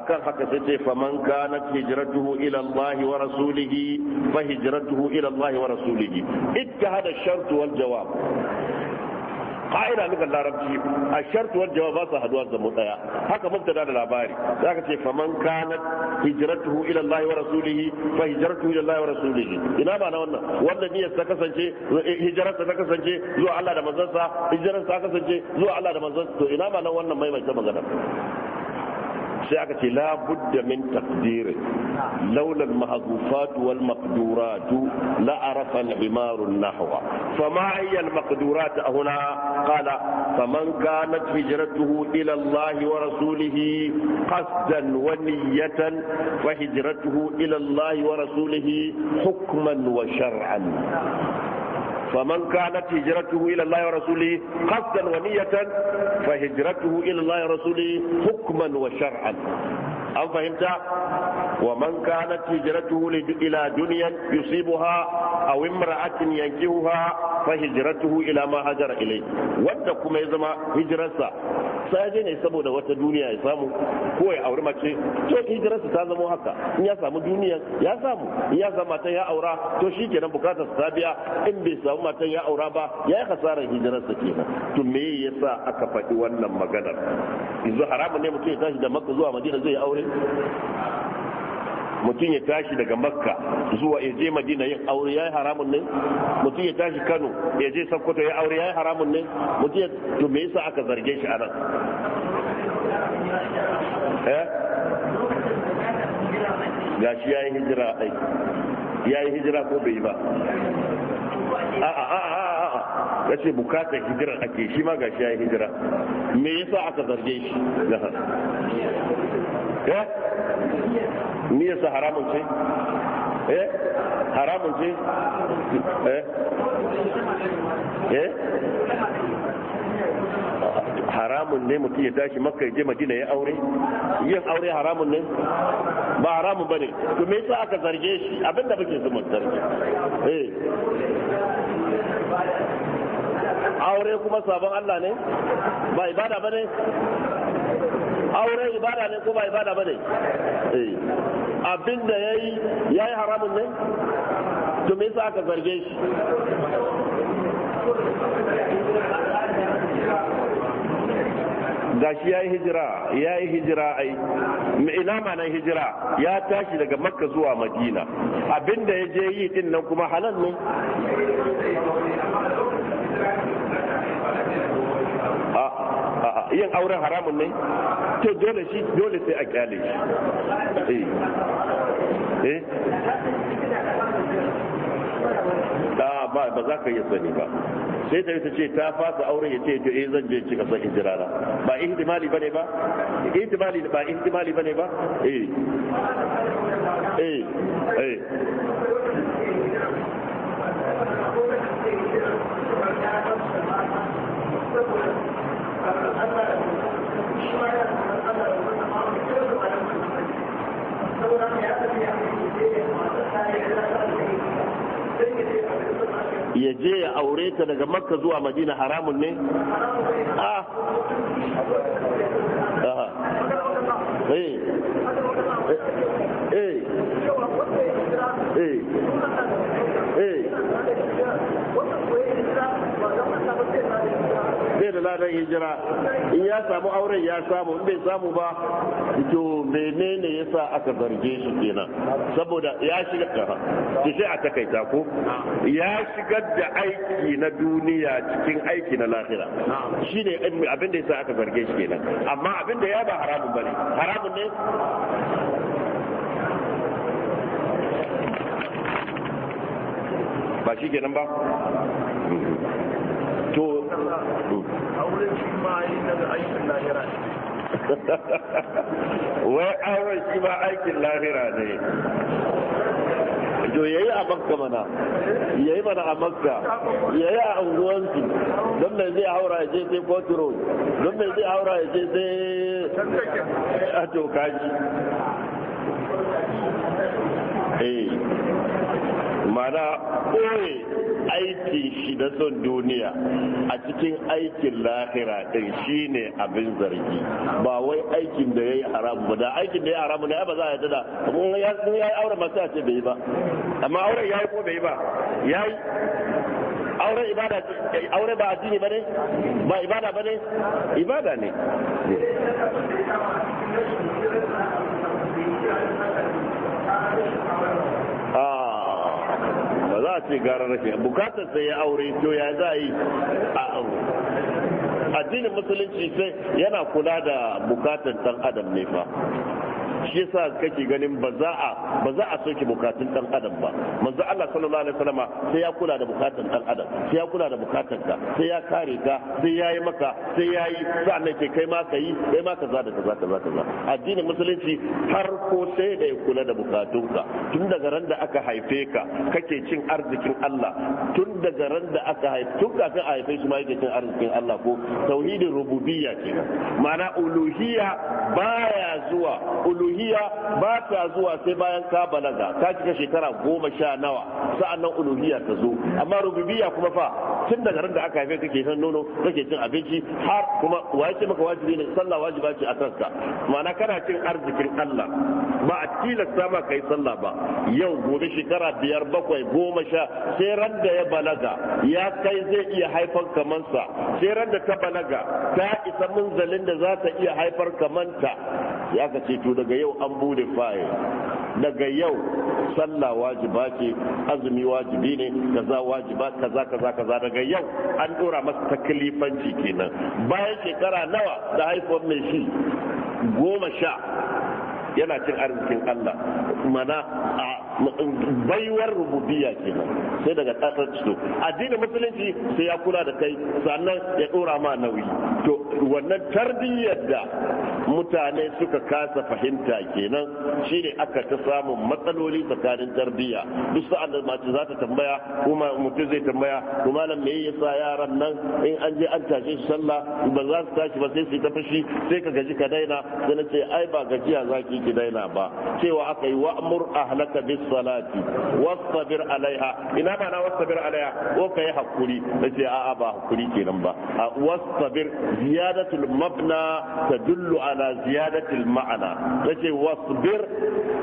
akan haka sai ce faman kanat hijratuhu ila Allah wa rasulihi fa hijratuhu ila Allah wa rasulihi ittahada shartu wal jawab ka'ida lugar larabci a shartuwar jawab ba su haduwa zama daya haka mubtada da labari za ka ce faman kanat hijratuhu ila Allah wa rasulihi fa hijratuhu ila Allah wa rasulihi ina ba na wannan wanda niyyar ta kasance hijrarsa ta kasance zuwa Allah da manzansa hijrarsa ta kasance zuwa Allah da manzansa to ina ba na wannan maimaita magana sai aka ce la budda min taqdirin laula al-mahdhufat wal maqdurat la arafa al-imar an-nahwa fama hiya al-maqdurat huna qala faman kanat hijratuhu ila Allah wa rasulih qasdan wa niyatan fa hijratuhu ila Allah wa rasulih hukman wa shar'an faman na hijratuhu ila Allah wa rasuli qasdan wa niyatan fa hijratuhu ila Allah rasuli hukman wa an fahimta ومن كانت هجرته إلى دنيا يصيبها أو امرأة ينكهها فهجرته إلى ما هجر إليه wanda kuma ya zama hijirarsa sai saboda wata duniya ya samu ko ya auri mace to hijirarsa ta zama haka in ya samu duniya ya samu in ya samu matan ya aura to shi kenan bukatar ta biya in bai samu matan ya aura ba ya yi hasarar hijirarsa kenan to me yasa aka faɗi wannan maganar yanzu haramun ne mutum ya tashi da maka zuwa madina zai yi aure mutum ya tashi daga makka zuwa ya je madina yin aure ya yi haramun ne mutum ya tashi kano ya je sokoto ya aure ya yi haramun ne mutum ya to me yasa aka zarge shi nan eh gashi ya yi hijira ai ya yi hijira ko bai yi ba a'a a'a ya ce bukatar hijirar ake shi ma gashi ya yi hijira me yasa aka zarge shi eh? miyarsa haramun ce eh haramun ce eh eh haramun ne mutum ya tashi makka je madina ya aure yin aure haramun ne ba haramun bane to me yasa aka zarge shi abinda muke so mu zarge eh aure kuma sabon Allah ne ba ibada bane auren ibada ne ko ba ibada ba ne eh. abin da ya yi ya yi haramun ne to me yasa aka zarge shi gashi ya yi hijira ya yi hijira ai ina ma'anar hijira ya tashi daga makka zuwa madina abinda ya je yi din nan kuma halal ne yin auren haramun ne to dole shi dole sai a kyale shi eh da eh? ah, ba ba za ka yi sani ba sai ta ta ce ta fasa auren ya ce to eh zan je ci kasar hijirana ba ihtimali bane ba ihtimali ba ihtimali bane ba eh eh eh Thank you. ya je ya aure ta daga makka zuwa madina haramun ne? Ah. bai da ladan hijira in ya samu auren ya samu in bai samu ba to menene yasa aka zarge shi kenan saboda ya shiga ki sai a takaita ko ya shigar da aiki na duniya cikin aiki na lahira shine abin da yasa aka zarge shi kenan amma abin da ya ba haramun bane haramun ne ba shi kenan ba to auren shi ma yi na aikin lahira wai auren shi ma aikin lahira ne Jo yayi a makka mana yayi mana a makka yayi a unguwansu don mai zai haura ya je sai port road don mai zai haura ya je sai a ah, to kaji eh mana oye aiki shi na son duniya a cikin aikin lahira din ne abin zargi ba wai aikin da yi haramu ba da aikin da yi haramu ne ba za a tada kuma ya yi aure masu ce bai ba amma ya yayi ko bai ba yi auren ibada eh, aure ba addini ne ba ibada bane ibada ne za a ce gara rashin bukatar sai ya aure to ya za a yi a addinin musulunci sai yana kula da bukatar dan adam ne fa shi yasa kake ganin ba za a ba za a soke bukatun dan adam ba manzo Allah sallallahu alaihi wasallama sai ya kula da bukatun dan adam sai ya kula da bukatun ka sai ya kare ka sai yayi maka sai yayi sannan ke kai ma kai kai ma kaza da kaza kaza kaza addinin musulunci har ko sai da ya kula da bukatun ka tun daga ran da aka haife ka kake cin arzikin Allah tun daga ran da aka haife tun kafin a haife shi ma yake cin arzikin Allah ko tauhidin rububiyya kenan ma'ana uluhiyya baya zuwa uluhiyya uluhiyya ba ta zuwa sai bayan ka balaga ka cika shekara goma sha nawa nan uluhiyya ta zo amma rububiyya kuma fa tun daga ran da aka haife kake shan nono kake cin abinci har kuma wa yake maka wajibi ne sallah wajiba ce a kanka ma'ana kana cin arzikin Allah ba a tilasta ba kai sallah ba yau gobe shekara biyar bakwai goma sha sai ran da ya balaga ya kai zai iya haifar kamansa sai ran da ta balaga ta isa munzalin da za ta iya haifar kamanta ya ka daga yau an bude fayil daga yau sallah wajiba ce azumi wajibi ne kaza wajiba kaza kaza kaza daga yau an dora masa taklifanci kenan bayan shekara nawa da haifuwar mai shi goma sha yana cin arzikin Allah mana a baiwar rububiyya kenan sai daga tsasar cito addinin musulunci sai ya kula da kai sannan ya dora ma nauyi to wannan tarbiyyar da mutane suka kasa fahimta kenan shine aka ta samun matsaloli tsakanin tarbiyya duk sa'an da mace za ta tambaya kuma mutum zai tambaya to malam me yasa yaran nan in an je an tashe su sallah ba za su tashi ba sai su ta fashi sai ka gaji ka daina sai na ce ai ba gajiya zaki ki daina ba cewa aka yi wa'mur ahlaka bis salati wasbir alaiha ina mana na wasbir alaiha ko kai hakuri nace a'a ba hakuri kenan ba wasbir ziyadatul mabna tadullu ala ziyadatil ma'ana nace wasbir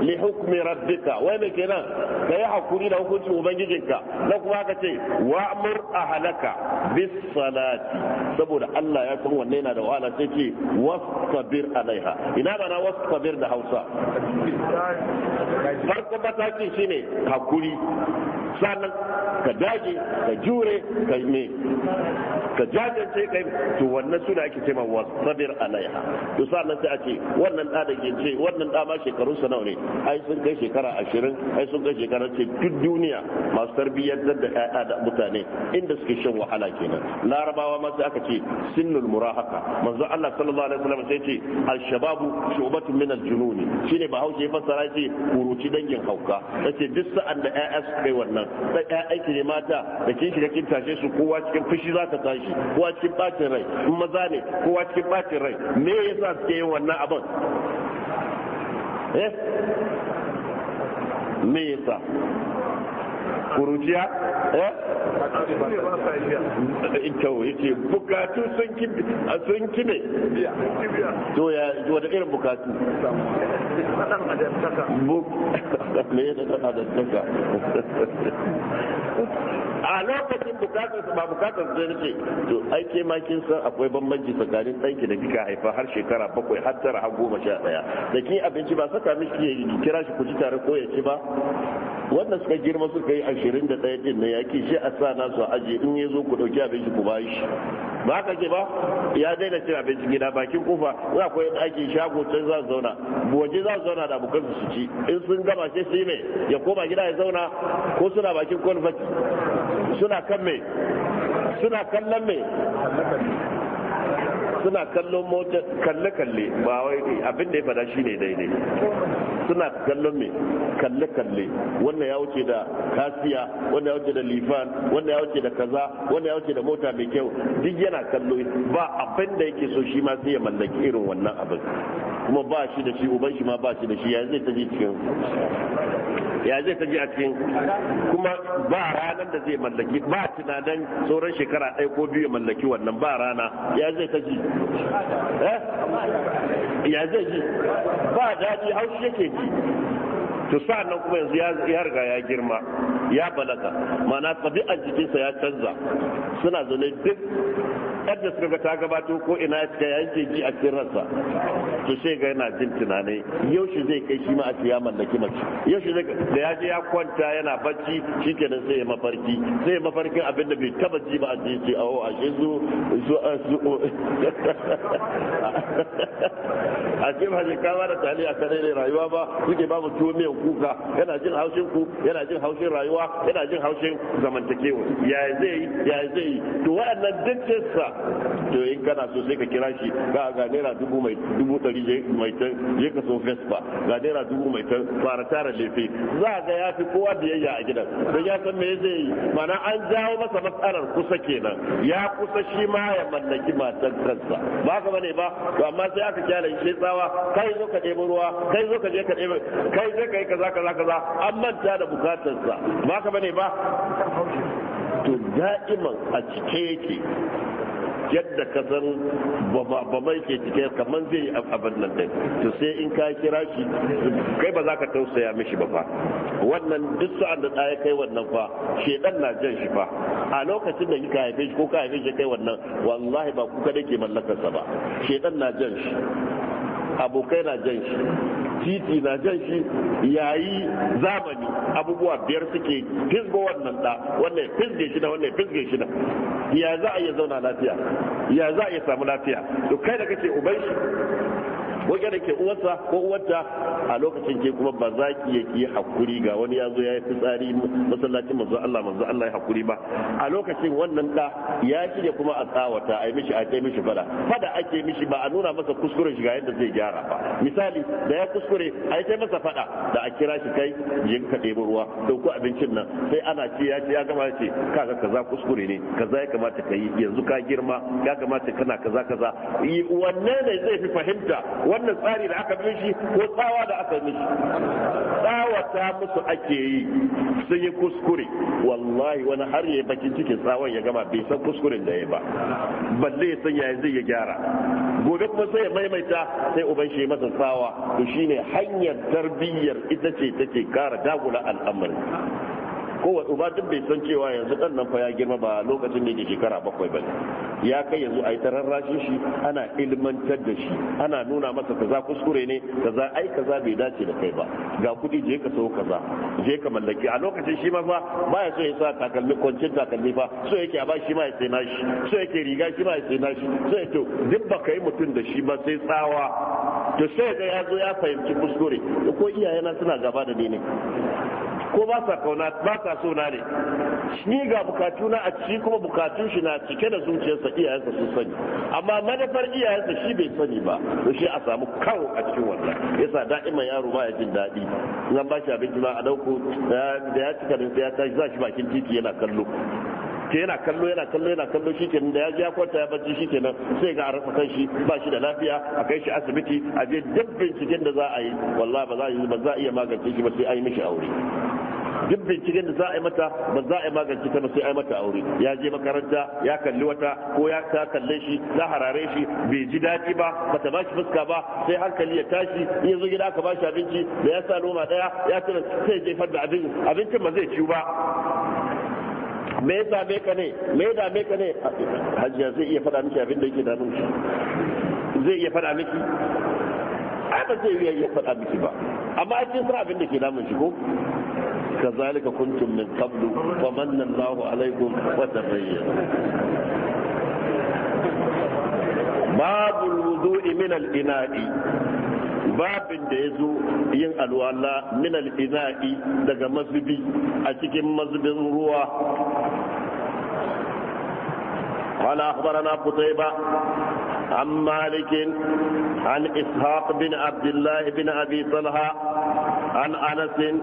li hukmi rabbika wai me kenan kai hakuri da hukuncin ubangijinka na kuma ka ce wa'mur ahlaka bis salati saboda Allah ya san wanne yana da wahala sai ce wasbir alaiha ina mana na wasbir da Hausa farko ba shi ne hakuri sannan ka dage ka jure ka me ka jajance kai to wannan suna ake cewa sabir alaiha to sannan sai a ce wannan da da ce wannan da ma shekarun sa nawa ne ai sun kai shekara 20 ai sun kai shekara ce duk duniya masu tarbiyyar da ƴaƴa da mutane inda suke shan wahala kenan larabawa ma sai aka ce sinnul murahaka manzo Allah sallallahu alaihi wasallam sai ce al-shababu shubatun min al-jununi shine bahaushe ya fassara ce kuruci dangin hauka ce duk sa'an da ya su kai wannan sai ya aiki ne mata da kin shiga kin tashe su kowa cikin fushi za ka tashi kowa cikin bacin rai in maza ne kowa cikin bacin rai me ya sa suke yin wannan abin eh? me me sa? kuruciya eh kyau yace bukatu sun kibe sun kibe to ya wata irin bukatu me ya da taka a lokacin bukatar ba bukatar su ne to ai ke ma kin san akwai bambanci tsakanin ɗanki da kika haifa har shekara bakwai har tara har goma sha ɗaya da kin abinci ba saka miki kira shi ku ci tare ko ya ci ba wanda suka girma suka yi ashirin da ɗaya ɗin na yaƙi shi a sa na a aje in ya zo ku ɗauki abinci ku ba shi ba ka ke ba ya daina cin abinci gida bakin kofa za yi ɗakin shago can za su zauna waje za su zauna da abokan su ci in sun gama sai su yi mai ya koma gida ya zauna ko suna bakin kwalifaci suna kan me suna kallon me suna kallon mota kalle-kalle ba wai abin da ya fada shi ne daidai suna kallon me kalle-kalle wannan ya wuce da kasiya wannan ya wuce da lifan wannan ya wuce da kaza wannan ya wuce da mota mai kyau duk yana kallo ba abin da yake so shi ma sai ya mallaki irin wannan abin kuma ba shi da shi uban shi ma ba shi da shi ya zai ta cikin ya zai ta ji a cikin kuma ba ranar da zai mallaki ba tunanin sauran shekara ɗaya ko biyu ya mallaki wannan ba rana ya zai ta ji eh ya zai ji ba daɗi haushi yake ji to sa'an nan kuma yanzu ya riga ya girma ya balaga ma'ana a jikinsa ya canza suna zaune duk yadda suka ga ta gabato ko ina ya cika yanke ji a cikin ransa to sai ga yana jin tunanai yaushe zai kai shi ma a ya mallaki mace yaushe zai da ya je ya kwanta yana bacci shikenan sai ya mafarki sai ya mafarkin abin da bai taba ji ba a ji ce awo oh, ashe su su a ce ba shi kama da tali a kanai rayuwa ba suke babu tuwo miyan kuka yana jin haushin ku yana jin haushin rayuwa yana jin haushin zamantakewa ya zai yi ya zai yi to wa'annan dukkansa to in kana so sai ka kira shi ga ga naira dubu mai dubu ɗari mai tan je ka so vespa ga naira dubu mai tan fara tara lefe za ga ya fi kowa biyayya a gidan don ya san me zai yi mana an jawo masa matsalar kusa kenan ya kusa shi ma ya mallaki matan kansa ba ka bane ba to amma sai aka kyale shi tsawa kai zo ka ɗebi ruwa kai zo ka je ka ɗebi kai zai kai kaza kaza kaza an manta da bukatarsa ba ka bane ba to da'iman a cike yake yadda ka san ba mai ke cike kamar zai yi abin nan dai, to sai in ka kira shi kai ba za ka tausaya mishi ba fa wannan duk sa'an da ɗaya kai wannan fa shedan na jan shi fa a lokacin da kika haife shi ko ka haife shi kai wannan wallahi ba kuka da ke mallakarsa ba shedan na jan shi abokai na jan shi titi na jan shi yayi zamani abubuwa biyar suke fisgo wannan da wannan fisge shi da wannan fisge shi da ya za a iya zauna lafiya ya za a iya samu lafiya to kai da kake uban shi ko kada ke uwarsa ko uwarta a lokacin ke kuma ba za ki yi hakuri ga wani ya zo ya yi fitsari masallacin manzo Allah manzo Allah ya hakuri ba a lokacin wannan da ya shirya kuma a tsawata a yi mishi a kai mishi fada fada ake mishi ba a nuna masa kuskure shi yadda zai gyara ba misali da ya kuskure a yi masa fada da a kira shi kai yin ka ɗebi ruwa abincin nan sai ana ce ya ce ya gama ce kaga kaza kuskure ne kaza ya kamata ka yi yanzu ka girma ya kamata kana kaza kaza wanne ne zai fi fahimta wannan tsari da aka shi ko tsawa da aka tsawa ta musu ake yi sun yi kuskure wallahi wani har ya bakin cikin tsawon ya gama bai san kuskuren da ya ba balle ya san yayi zai ya gyara gobe kuma sai ya maimaita sai uban shi masa tsawa to shine hanyar tarbiyyar ita ce take kara dagula al'amari kowa uba duk bai san cewa yanzu dan nan fa ya girma ba lokacin da yake shekara bakwai ba ya kai yanzu a yi tararrashin shi ana ilmantar da shi ana nuna masa kaza kuskure ne kaza ai kaza bai dace da kai ba ga kuɗi je ka sau kaza je ka mallaki a lokacin shi ma fa baya so ya sa takalmi kwancin takalmi fa so yake a ba shi ma ya sai nashi so yake riga shi ma ya sai nashi so yake duk ba ka yi mutum da shi ba sai tsawa to sai ya zo ya fahimci kuskure ko iyayena suna gaba da ni ne ko ba sa kauna ba sa so na ne ni ga bukatu na a ciki kuma bukatun shi na cike da zuciyarsa iyayensa sun sani amma manufar iyayensa shi bai sani ba to shi a samu kawo a cikin wannan yasa da'iman yaro ba ya jin daɗi zan ba shi abinci ma a dauko da ya cika da ya tashi za shi bakin titi yana kallo ke yana kallo yana kallo yana kallo shikenan da ya ji ya kwanta ya bacci shikenan sai ga a rasa kan shi ba shi da lafiya a kai shi asibiti a je duk binciken da za a yi wallahi ba za a yi ba za a iya magance shi ba sai a yi mishi aure duk binciken da za a yi mata ba za a yi magance ta ba sai a yi mata aure ya je makaranta ya kalli wata ko ya ta kalle shi za harare shi bai ji daɗi ba ba ta bashi fuska ba sai hankali ya tashi in zo gida aka bashi abinci da ya sa noma daya ya tana sai jefar da abin abincin ba zai ciwu ba me ya dame ka ne me ya dame ka ne hajiya zai iya faɗa miki abin da yake damun shi zai iya faɗa miki ai ba zai iya faɗa miki ba amma a cikin abin da ke damun shi ko كذلك كنتم من قبل فمن الله عليكم وتبين باب الوضوء من الإناء باب da ya zo من الإناء دقى al'ina'i daga mazubi a cikin قال أخبرنا قطيبة عن مالك عن إسحاق بن عبد الله بن أبي طلحة an anasin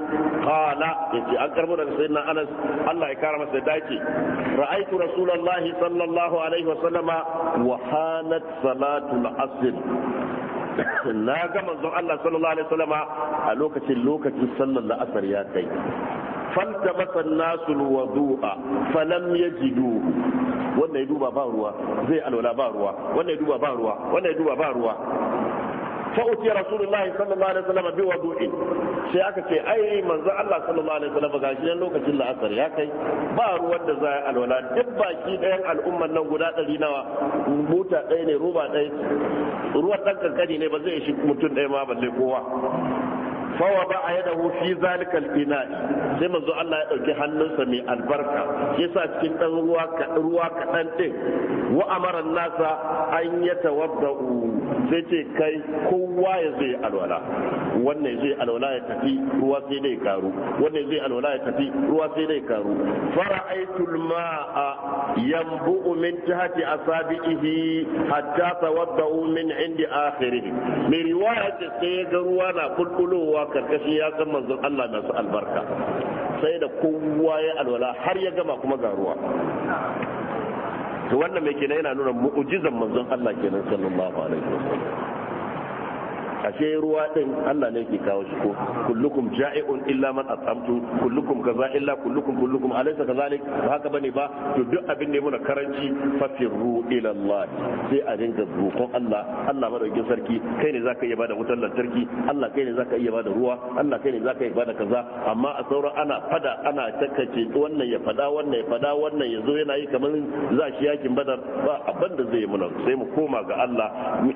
qala yace an karbo daga sayyidina anas Allah ya kara masa dace ra'aytu rasulullahi sallallahu alaihi wasallama wa hanat salatul asr na ga manzon Allah sallallahu alaihi wasallama a lokacin lokacin sallar la'asar ya kai فالتمس الناس الوضوء فلم يجدوه wannan ya duba ba ruwa zai alwala ba ruwa wannan ya duba ba ruwa wannan ya duba ba ruwa fa utiya rasulullahi sallallahu alaihi wasallam bi wudu'in sai aka ce ai manzo Allah sallallahu alaihi wasallam gashi nan lokacin la'asar ya kai ba ruwan da za a alwala duk baki ɗayan al'ummar nan guda dari nawa mota ɗaya ne roba ɗaya ruwan ɗan kankani ne ba zai ishi mutum ɗaya ma balle kowa fawa ba a yada fi zalikal ina'i sai manzo Allah ya dauki hannunsa mai albarka yasa cikin dan ruwa kaɗan ruwa kaɗan din wa amara nasa an yatawadda'u sai ce kai kowa ya zai alwala wannan zai alwala ya tafi ruwa sai dai karu wannan zai alwala ya tafi ruwa sai dai karu fara'aitul ma'a yanbu'u min tahti asabihi hatta tawadda'u min indi akhirih mai riwaya ce sai ga ruwa na kulkulowa karkashin ya san manzon Allah na su albarka sai da kowa ya alwala har ya gama kuma ga ruwa to wannan mai kenan yana nuna mu'ujizan manzon Allah kenan sallallahu alaihi wasallam ashe ruwa din Allah ne ke kawo shi ko kullukum ja'i'un illa man at'amtu kullukum kaza illa kullukum kullukum alaysa kazalik ba haka bane ba to duk abin ne muna karanci fafirru ila Allah sai a dinga roƙon Allah Allah madaukakin sarki kai ne zaka iya bada wutar lantarki Allah kai ne zaka iya bada ruwa Allah kai ne zaka iya bada kaza amma a sauran ana fada ana takace wannan ya fada wannan ya fada wannan ya zo yana yi kamar za shi yakin badar ba abin da zai yi muna sai mu koma ga Allah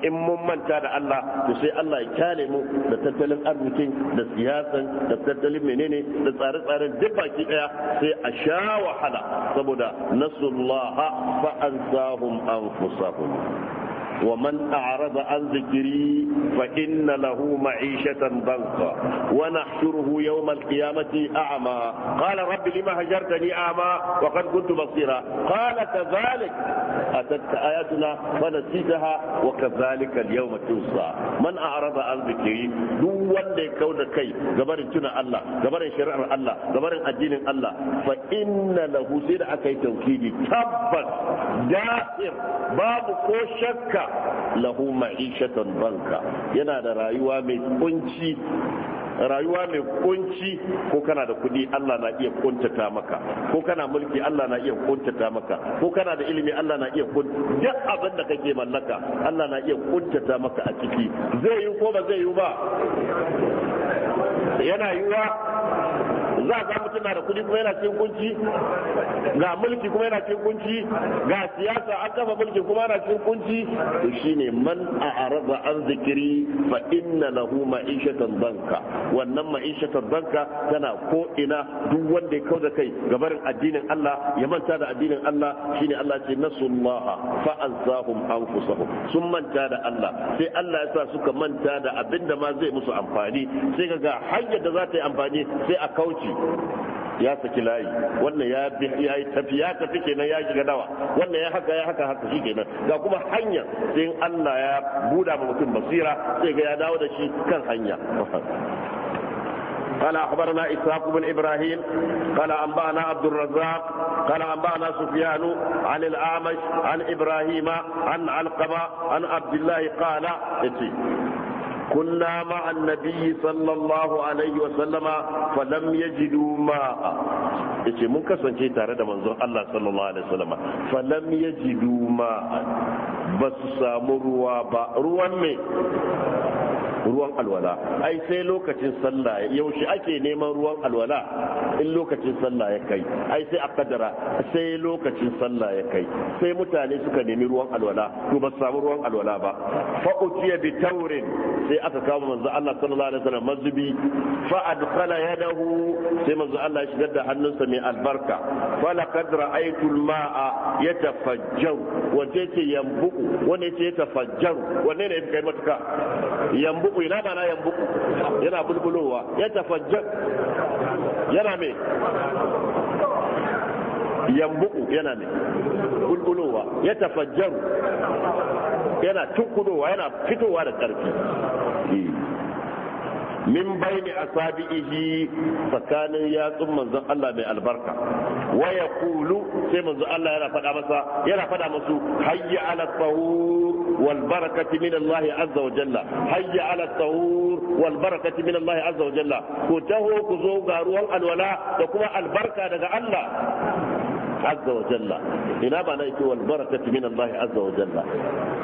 in mun manta da Allah to sai Allah Allah ya kyale mu da tattalin arzikin da siyasan da tattalin menene da tsare-tsaren duk baki daya sai a sha wahala saboda nasullaha fa ansahum anfusahum ومن أعرض عن ذكري فإن له معيشة ضنكا ونحشره يوم القيامة أعمى قال رب لما هجرتني أعمى وقد كنت بصيرا قال كذلك أتتك آياتنا فنسيتها وكذلك اليوم توصى من أعرض عن ذكري دون لكون كي قبر تنا الله قبر شرع الله قبر الدين الله فإن له سيد أكي توكيدي تبت دائر باب ko lahu ma'ishatan banka yana da rayuwa mai kunci rayuwa mai kunci ko kana da kudi Allah na iya kuntata maka ko kana mulki Allah na iya kuntata maka ko kana da ilimi Allah na iya kun duk abin da kake mallaka Allah na iya kuntata maka a ciki zai yi ko ba zai yi ba yana yiwa za a mutum na da kuɗi kuma yana cikin kunci ga mulki kuma yana cikin kunci ga siyasa an kafa mulki kuma yana cikin kunci to shine man araba an zikiri fa inna lahu ma'ishatan banka wannan ma'ishatan banka tana ko ina duk wanda ya kauda kai barin addinin Allah ya manta da addinin Allah shine Allah ce nasullaha fa ansahum anfusahum sun manta da Allah sai Allah ya sa suka manta da abinda ma zai musu amfani sai ga hanyar da za ta yi amfani sai a kauce ya saki layi wannan ya ya yi tafi ya tafi kenan ya shiga dawa wannan ya haka ya haka haka shi kenan ga kuma hanya sai Allah ya buda ma mutum basira sai ga ya dawo da shi kan hanya قال اخبرنا اسحاق بن ابراهيم قال انبانا عبد الرزاق قال انبانا سفيان عن الاعمش عن ابراهيم عن علقمه عن عبد الله قال كنا مع النبي صلى الله عليه وسلم فلم يجدوا ماء yace mun kasance tare da manzon Allah sallallahu alaihi wasallam falam yajidu ma ba su samu ruwa ba ruwan me ruwan alwala ai sai lokacin sallah yaushe ake neman ruwan alwala in lokacin sallah ya kai ai sai a kadara sai lokacin sallah ya kai sai mutane suka nemi ruwan alwala to ba samu ruwan alwala ba fa utiya bi taurin sai aka kawo manzo Allah sallallahu alaihi wasallam mazubi fa adkhala yadahu sai manzo Allah ya shigar da hannunsa mai albarka fa laqad ra'aytu al-ma'a yatafajjaru wa yake yambuku wanda yake yatafajjaru wanne ne ya kai matuka yambu yambuku ina ba na yambuku yana bulbulowa ya tafajja yana me yambuku yana me bulbulowa ya tafajjaru yana tukudowa yana fitowa da ƙarfi hmm. min baini asabihi tsakanin yatsun manzon Allah mai albarka wa yaqulu sai manzon Allah yana faɗa masa yana faɗa musu hayya ala sahur wal barakati min Allah azza wa jalla hayya ala sahur wal barakati min Allah azza wa jalla ku taho ku zo ga alwala da kuma albarka daga Allah azza ina ba na yake wal barakatu min Allah azza wa jalla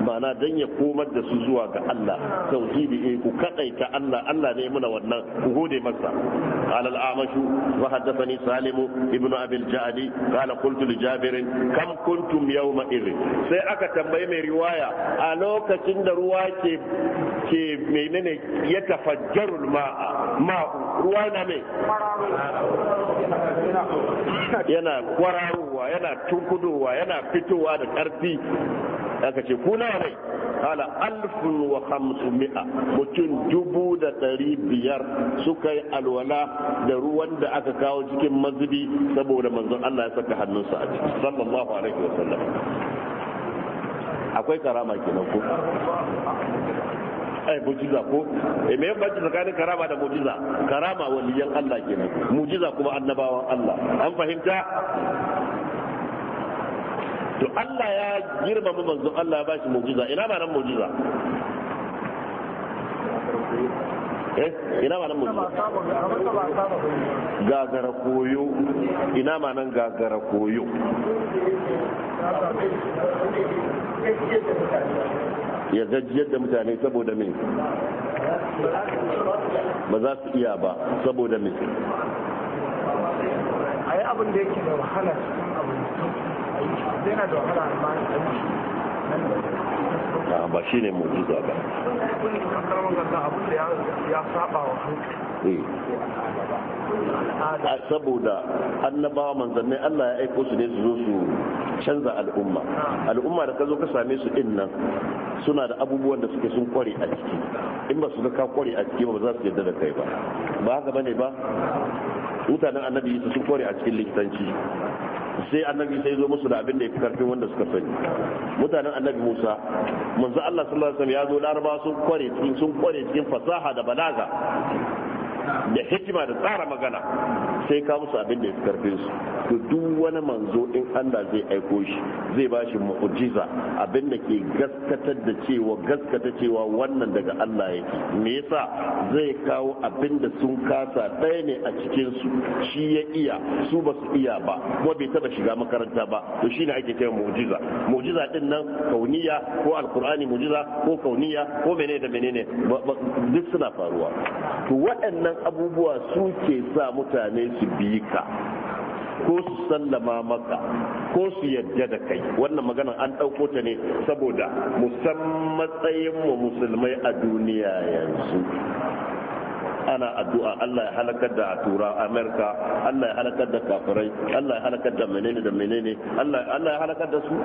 ma'ana dan ya komar da su zuwa ga Allah tauhidi eh ku kadaita Allah Allah ne muna wannan ku gode masa alal amashu wa salimu ibnu abil jadi qala qultu li kam kuntum yawma idh sai aka tambayi mai riwaya a lokacin da ruwa ke ke menene ya tafajjarul ma'a ma ruwa na mai yana kwararo tsayawa yana tunkudowa yana fitowa da ƙarfi aka ce kuna rai kala alfun wa mi'a mutum dubu da ɗari biyar suka yi alwala da ruwan da aka kawo cikin mazubi saboda manzon Allah ya saka hannunsa a ciki sallallahu alaihi wa sallam akwai karama kenan ko ai mujiza ko eh me yambanci tsakanin karama da mujiza karama waliyan Allah kenan mujiza kuma annabawan Allah an fahimta to Allah ya girma mu manzon Allah ba shi mu'jiza ina ba nan mu'jiza eh ina ma nan mu'jiza gagara koyo ina ma nan gagara koyo ya gajiyar da mutane saboda me ba za su iya ba saboda me a yi abin da yake da wahala ba shi ne mujiza ba eh. a saboda annabawa manzanni Allah ya aiko su ne su zo su canza al'umma al'umma da ka zo ka same su din nan suna da abubuwan da suke sun kware a ciki in ba su ga ka kware a ciki ba za su yadda da kai ba ba haka bane ba mutanen annabi sun kware a cikin likitanci sai annabi sai zo musu da abin da ya fi karfin wanda suka sani mutanen annabi musa manzo allah sallallahu alaihi wasallam ya zo larabawa kware cikin sun kware cikin fasaha da balaga da hikima da tsara magana sai ka musu abin da ya karfe su to duk wani manzo in Allah zai aiko shi zai ba shi mu'jiza abin da ke gaskatar da cewa gaskata cewa wannan daga Allah yake me yasa zai kawo abin da sun kasa ɗaya ne a cikin su shi ya iya su ba su iya ba kuma bai taba shiga makaranta ba to shine ake cewa mu'jiza mu'jiza din nan kauniya ko alqur'ani mu'jiza ko kauniya ko menene da menene duk suna faruwa to waɗannan abu abubuwa su ke sa mutane su bi ka ko su sallama maka ko su yadda da kai wannan maganar an ɗauko ta ne saboda musamman mu musulmai a duniya yanzu ana addu'a Allah ya halakar da tura Amerika Allah ya halakar da kafirai Allah ya halakar da menene da menene Allah Allah ya halakar da su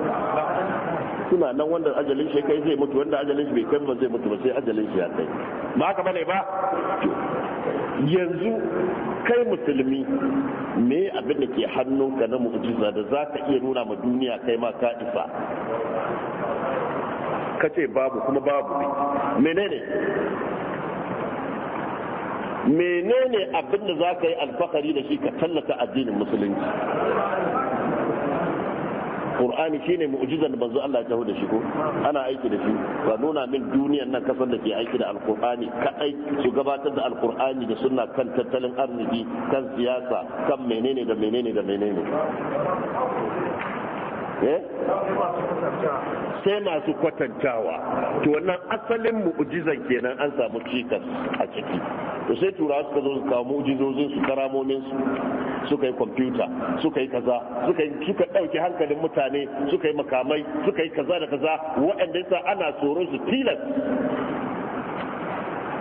suna nan wanda ajalin shi kai zai mutu wanda ajalin shi bai kai ba zai mutu ba sai ajalin shi ya kai ba haka bane ba yanzu kai musulmi me abin da ke hannunka na mu'jiza da za ka iya nuna ma duniya kai ma ka isa ka ce babu kuma babu ne menene menene abin da za ka yi alfahari da shi ka tallata addinin musulunci qur'ani shine mu'jizar da banzo Allah ya taho da shi ko ana aiki da shi ba nuna min duniyar nan kasar da ke aiki da alqur'ani aiki su gabatar da alqur'ani da sunna kan tattalin arziki kan siyasa kan menene da menene da menene Eh? sai masu kwatantawa to wannan asalin mu'ujizan kenan an samu cikas a ciki to sai turawa suka zo su kawo mu'ujizozin su karamomin su suka yi kwamfuta suka yi kaza suka yi suka ɗauki hankalin mutane suka yi makamai suka yi kaza da kaza waɗanda yasa ana tsoron su tilas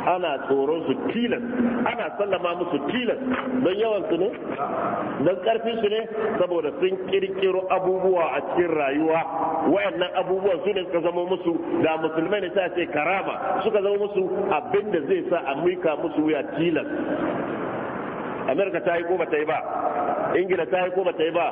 ana tsoron su tilas ana sallama musu tilas don yawan su ne don karfin su ne saboda sun kirkiro abubuwa a cikin rayuwa wayannan abubuwan su ne suka zama musu da musulmai ne ta ce karama suka zama musu abin da zai sa a mika musu wuya tilas amerika ta yi ko ba ta yi ba ingila ta yi ko ba ta yi ba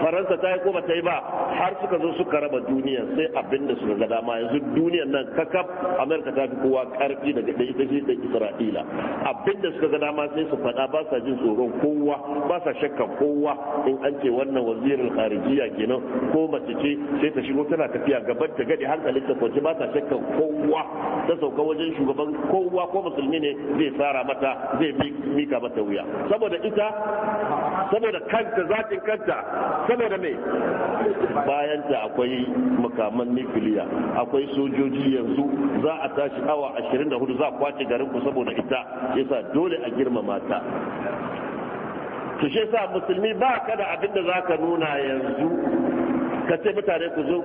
faransa ta yi ko ba ta yi ba har suka zo suka raba duniya sai abin da suka ga dama yanzu duniyan nan kakaf amerika ta fi kowa karfi daga ɗaya shi da isra'ila abin da suka ga dama sai su faɗa ba sa jin tsoron kowa ba sa shakkan kowa in an ce wannan wazirin kharijiya kenan ko mace ce sai ta shigo tana tafiya gaban ta gadi hankalin ta kwanci ba sa shakkan kowa ta sauka wajen shugaban kowa ko musulmi ne zai tsara mata zai mika mata wuya saboda ita saboda kanta zatin kanta saboda me bayanta akwai makaman nukiliya akwai sojoji yanzu za a tashi awa 24 za a kwace garin ku saboda ita yasa dole a girmama ta to sa musulmi ba ka da abin da za ka nuna yanzu ka ce mutane ku zo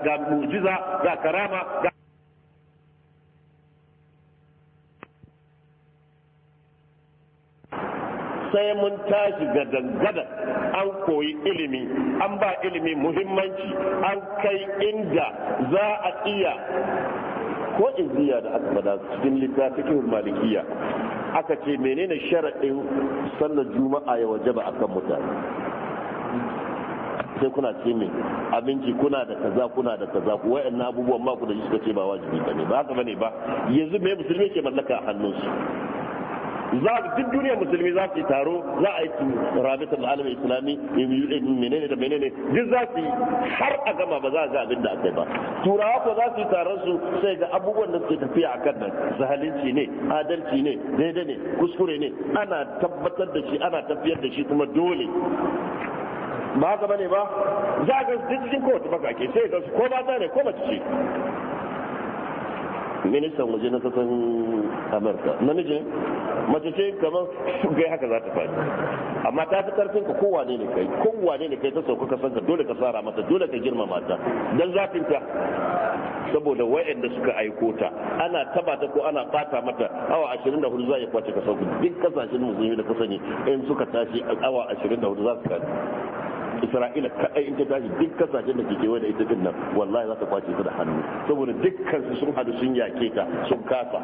ga mujiza ga karama ga sai mun tashi gadan-gadan an koyi ilimi an ba ilimi muhimmanci an kai inda za a iya ko iziya da aka faɗa cikin littafin malikiya aka ce menene shara'in sallar juma'a ya wajaba akan mutane sai kuna ce mai abinci kuna da kaza kuna da kaza ku wayannan abubuwan ma ku da suka ce ba wajibi bane ba haka bane ba yanzu me musulmi ke mallaka a hannunsu za duk duniyar musulmi za su yi taro za a yi da alam islami menene da menene duk za su yi har a gama ba za a ga abin da aka ba turawa ko za su yi taron su sai ga abubuwan da suke tafiya a kan nan zahalinci ne adalci ne daidai ne kuskure ne ana tabbatar da shi ana tafiyar da shi kuma dole ba haka ne ba za a ga duk cikin kowace baka ke sai ga su ko ba ta ne ko mace ce ministan waje na kasan amurka namijin mace ce kamar gai haka za ta faɗi amma ta fi karfin ka kowane ne kai kowane ne kai ta sauka kasan ka dole ka fara mata dole ka girma mata don zafin ta saboda wayanda suka aiko ta ana taba ta ko ana bata mata awa 24 za a yi kwace kasan ku duk kasashen musulmi da kasani in suka tashi awa 24 za su kare isra'ila kadai in ta tashi duk kasashen da ke kewaye da ita dinnan wallahi za ta kwace su da hannu saboda dukkan su sun hadu sun yake ka sun kasa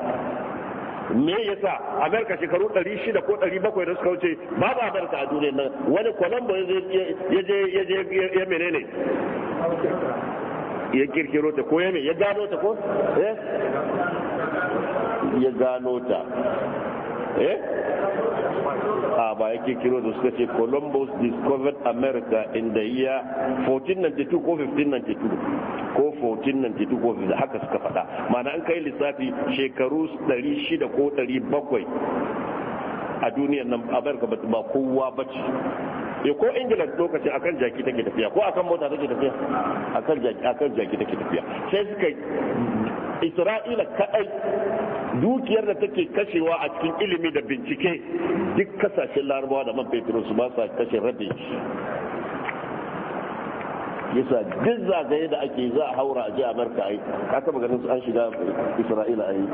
me yasa amerika shekaru 600 ko 700 da suka wuce babu amerika a duniyar nan wani colombo ya je ya je ya menene ya kirkiro ta ko ya me ya gano ta ko eh ya gano ta eh ba ya kiro da suka ce columbus discovered america in the year 1492 ko 1592 ko 1492 ko 1592 haka suka faɗa mana an kai lissafi shekaru 600 ko 700 a duniyar nan america ba kowa ba ce e ko ingila lokacin akan jaki take tafiya ko akan mota take tafiya akan jaki akan jaki take tafiya sai suka isra'ila kadai dukiyar da take kashewa a cikin ilimi da bincike duk kasashen larabawa da man fetur su ba sa kashe rabin yasa duk zagaye da ake za a haura a je amurka a yi ka taba ganin an shiga isra'ila a yi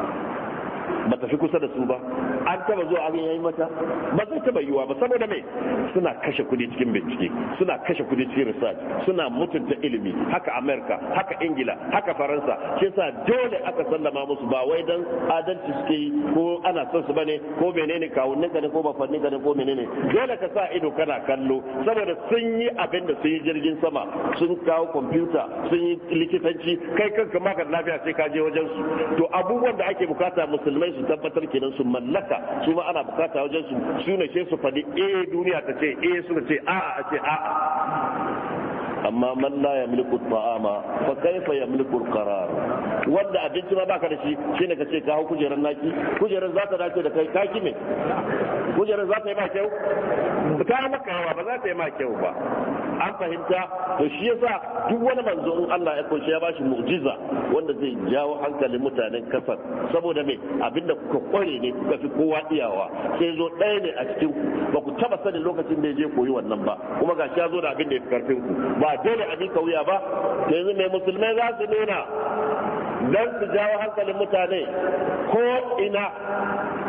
ba ta fi kusa da su ba an taba zuwa abin yayi mata ba zai taba yiwa ba saboda me suna kashe kudi cikin bincike suna kashe kudi cikin research suna mutunta ilimi haka america haka ingila haka faransa shi yasa dole aka sallama musu ba wai dan adalci suke yi ko ana son su bane ko menene kawunnin ka ne ko bafannin ka ne ko menene dole ka sa ido kana kallo saboda sun yi abin da sun yi jirgin sama sun kawo kwamfuta sun yi likitanci kai kanka maka lafiya sai ka je wajen su to abubuwan da ake bukata musu. musulmai su tabbatar kenan su mallaka su ma ana bukata wajen su su ne su faɗi eh duniya ta ce eh suna ce a'a a ce a amma man la yamliku ta'ama fa kaifa yamliku al-qarar wanda abinci ma baka da shi shine kace ka hau kujerar naki kujerar za ta dace da kai kaki me kujerar za ta yi ma kyau ka maka yawa ba za ta yi ma kyau ba an fahimta to shi yasa duk wani manzo in Allah ya kunshi ya bashi mu'jiza wanda zai jawo hankalin mutanen kasar saboda me abinda kuka kware ne kuka fi kowa iyawa sai zo ɗaya ne a cikin ku ba ku taba sanin lokacin da ya je koyi wannan ba kuma ga shi ya zo da abin da ya fi karfin ku ba dole a mika wuya ba to yanzu mai musulmai za su nuna don su jawo hankalin mutane ko ina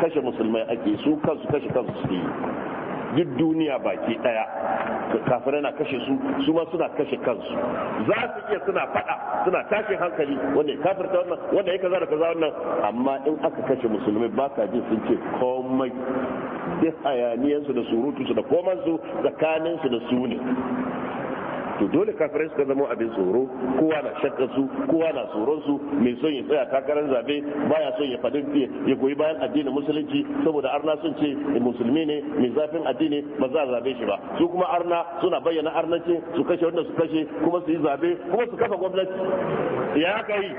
kashe musulmai ake su kansu kashe kansu su yi duk duniya baki daya kafirai na kashe su su ma suna kashe kansu za su iya suna fada suna tashin hankali wanda ya kafirta wannan wanda ya kaza da kaza wannan amma in aka kashe musulmai ba ka jin sun ce komai duk hayaniyansu da surutu su da komansu tsakaninsu da su ne to dole kafirai suka zama abin tsoro kowa na shakkar su kowa na tsoron su mai son ya tsaya takarar zabe baya son ya fadin ya goyi bayan addinin musulunci saboda arna sun ce eh, musulmi ne mai zafin addini ba za a zabe shi ba su kuma arna suna bayyana arnaci, su kashe wanda su kashe kuma su yi zabe kuma su kafa gwamnati ya kai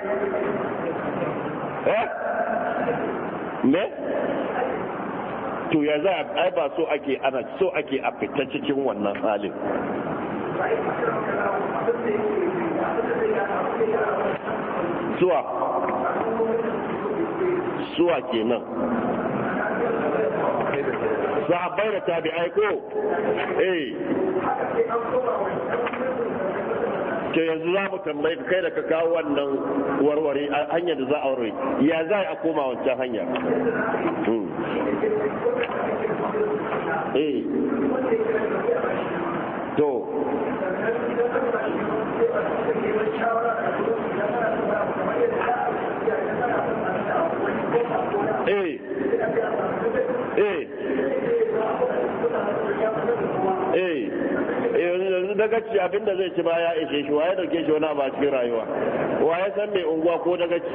eh ne to ya za a ba so ake ana so ake a fita cikin wannan halin suwa suwa kenan sahabbai da tabi'ai ko eh to yanzu za mu tambayi kai da ka kawo wannan warware hanyar da za a warware ya za a koma wancan hanya hmm. eh to Eh. Eh. eh eh yanzu dagaci abinda zai ci ba ya ishe shi waye dauke shi wani ba cikin rayuwa waye san mai unguwa ko dagaci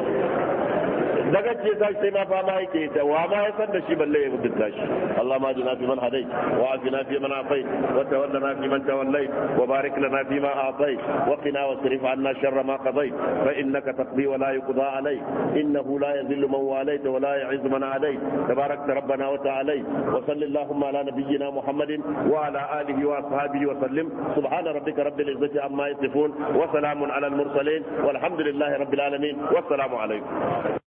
daga ce tashi sai ma fama yake ta wa ma ya san da shi balle ya mutunta shi Allah ma jina fi man hadai wa afina fi man afai wa tawallana fi man tawallai wa barik lana fi ma atai wa qina wasrif anna sharra ma qadai fa innaka taqdi wa la yuqda alai innahu la yadhillu man walayta wa la yu'izzu man alai tabarakta rabbana wa ta'ala wa salli allahumma ala nabiyyina muhammadin wa ala alihi wa ashabihi wa sallim subhana rabbika rabbil izzati amma yasifun wa salamun ala al mursalin والحمد لله رب العالمين والسلام عليكم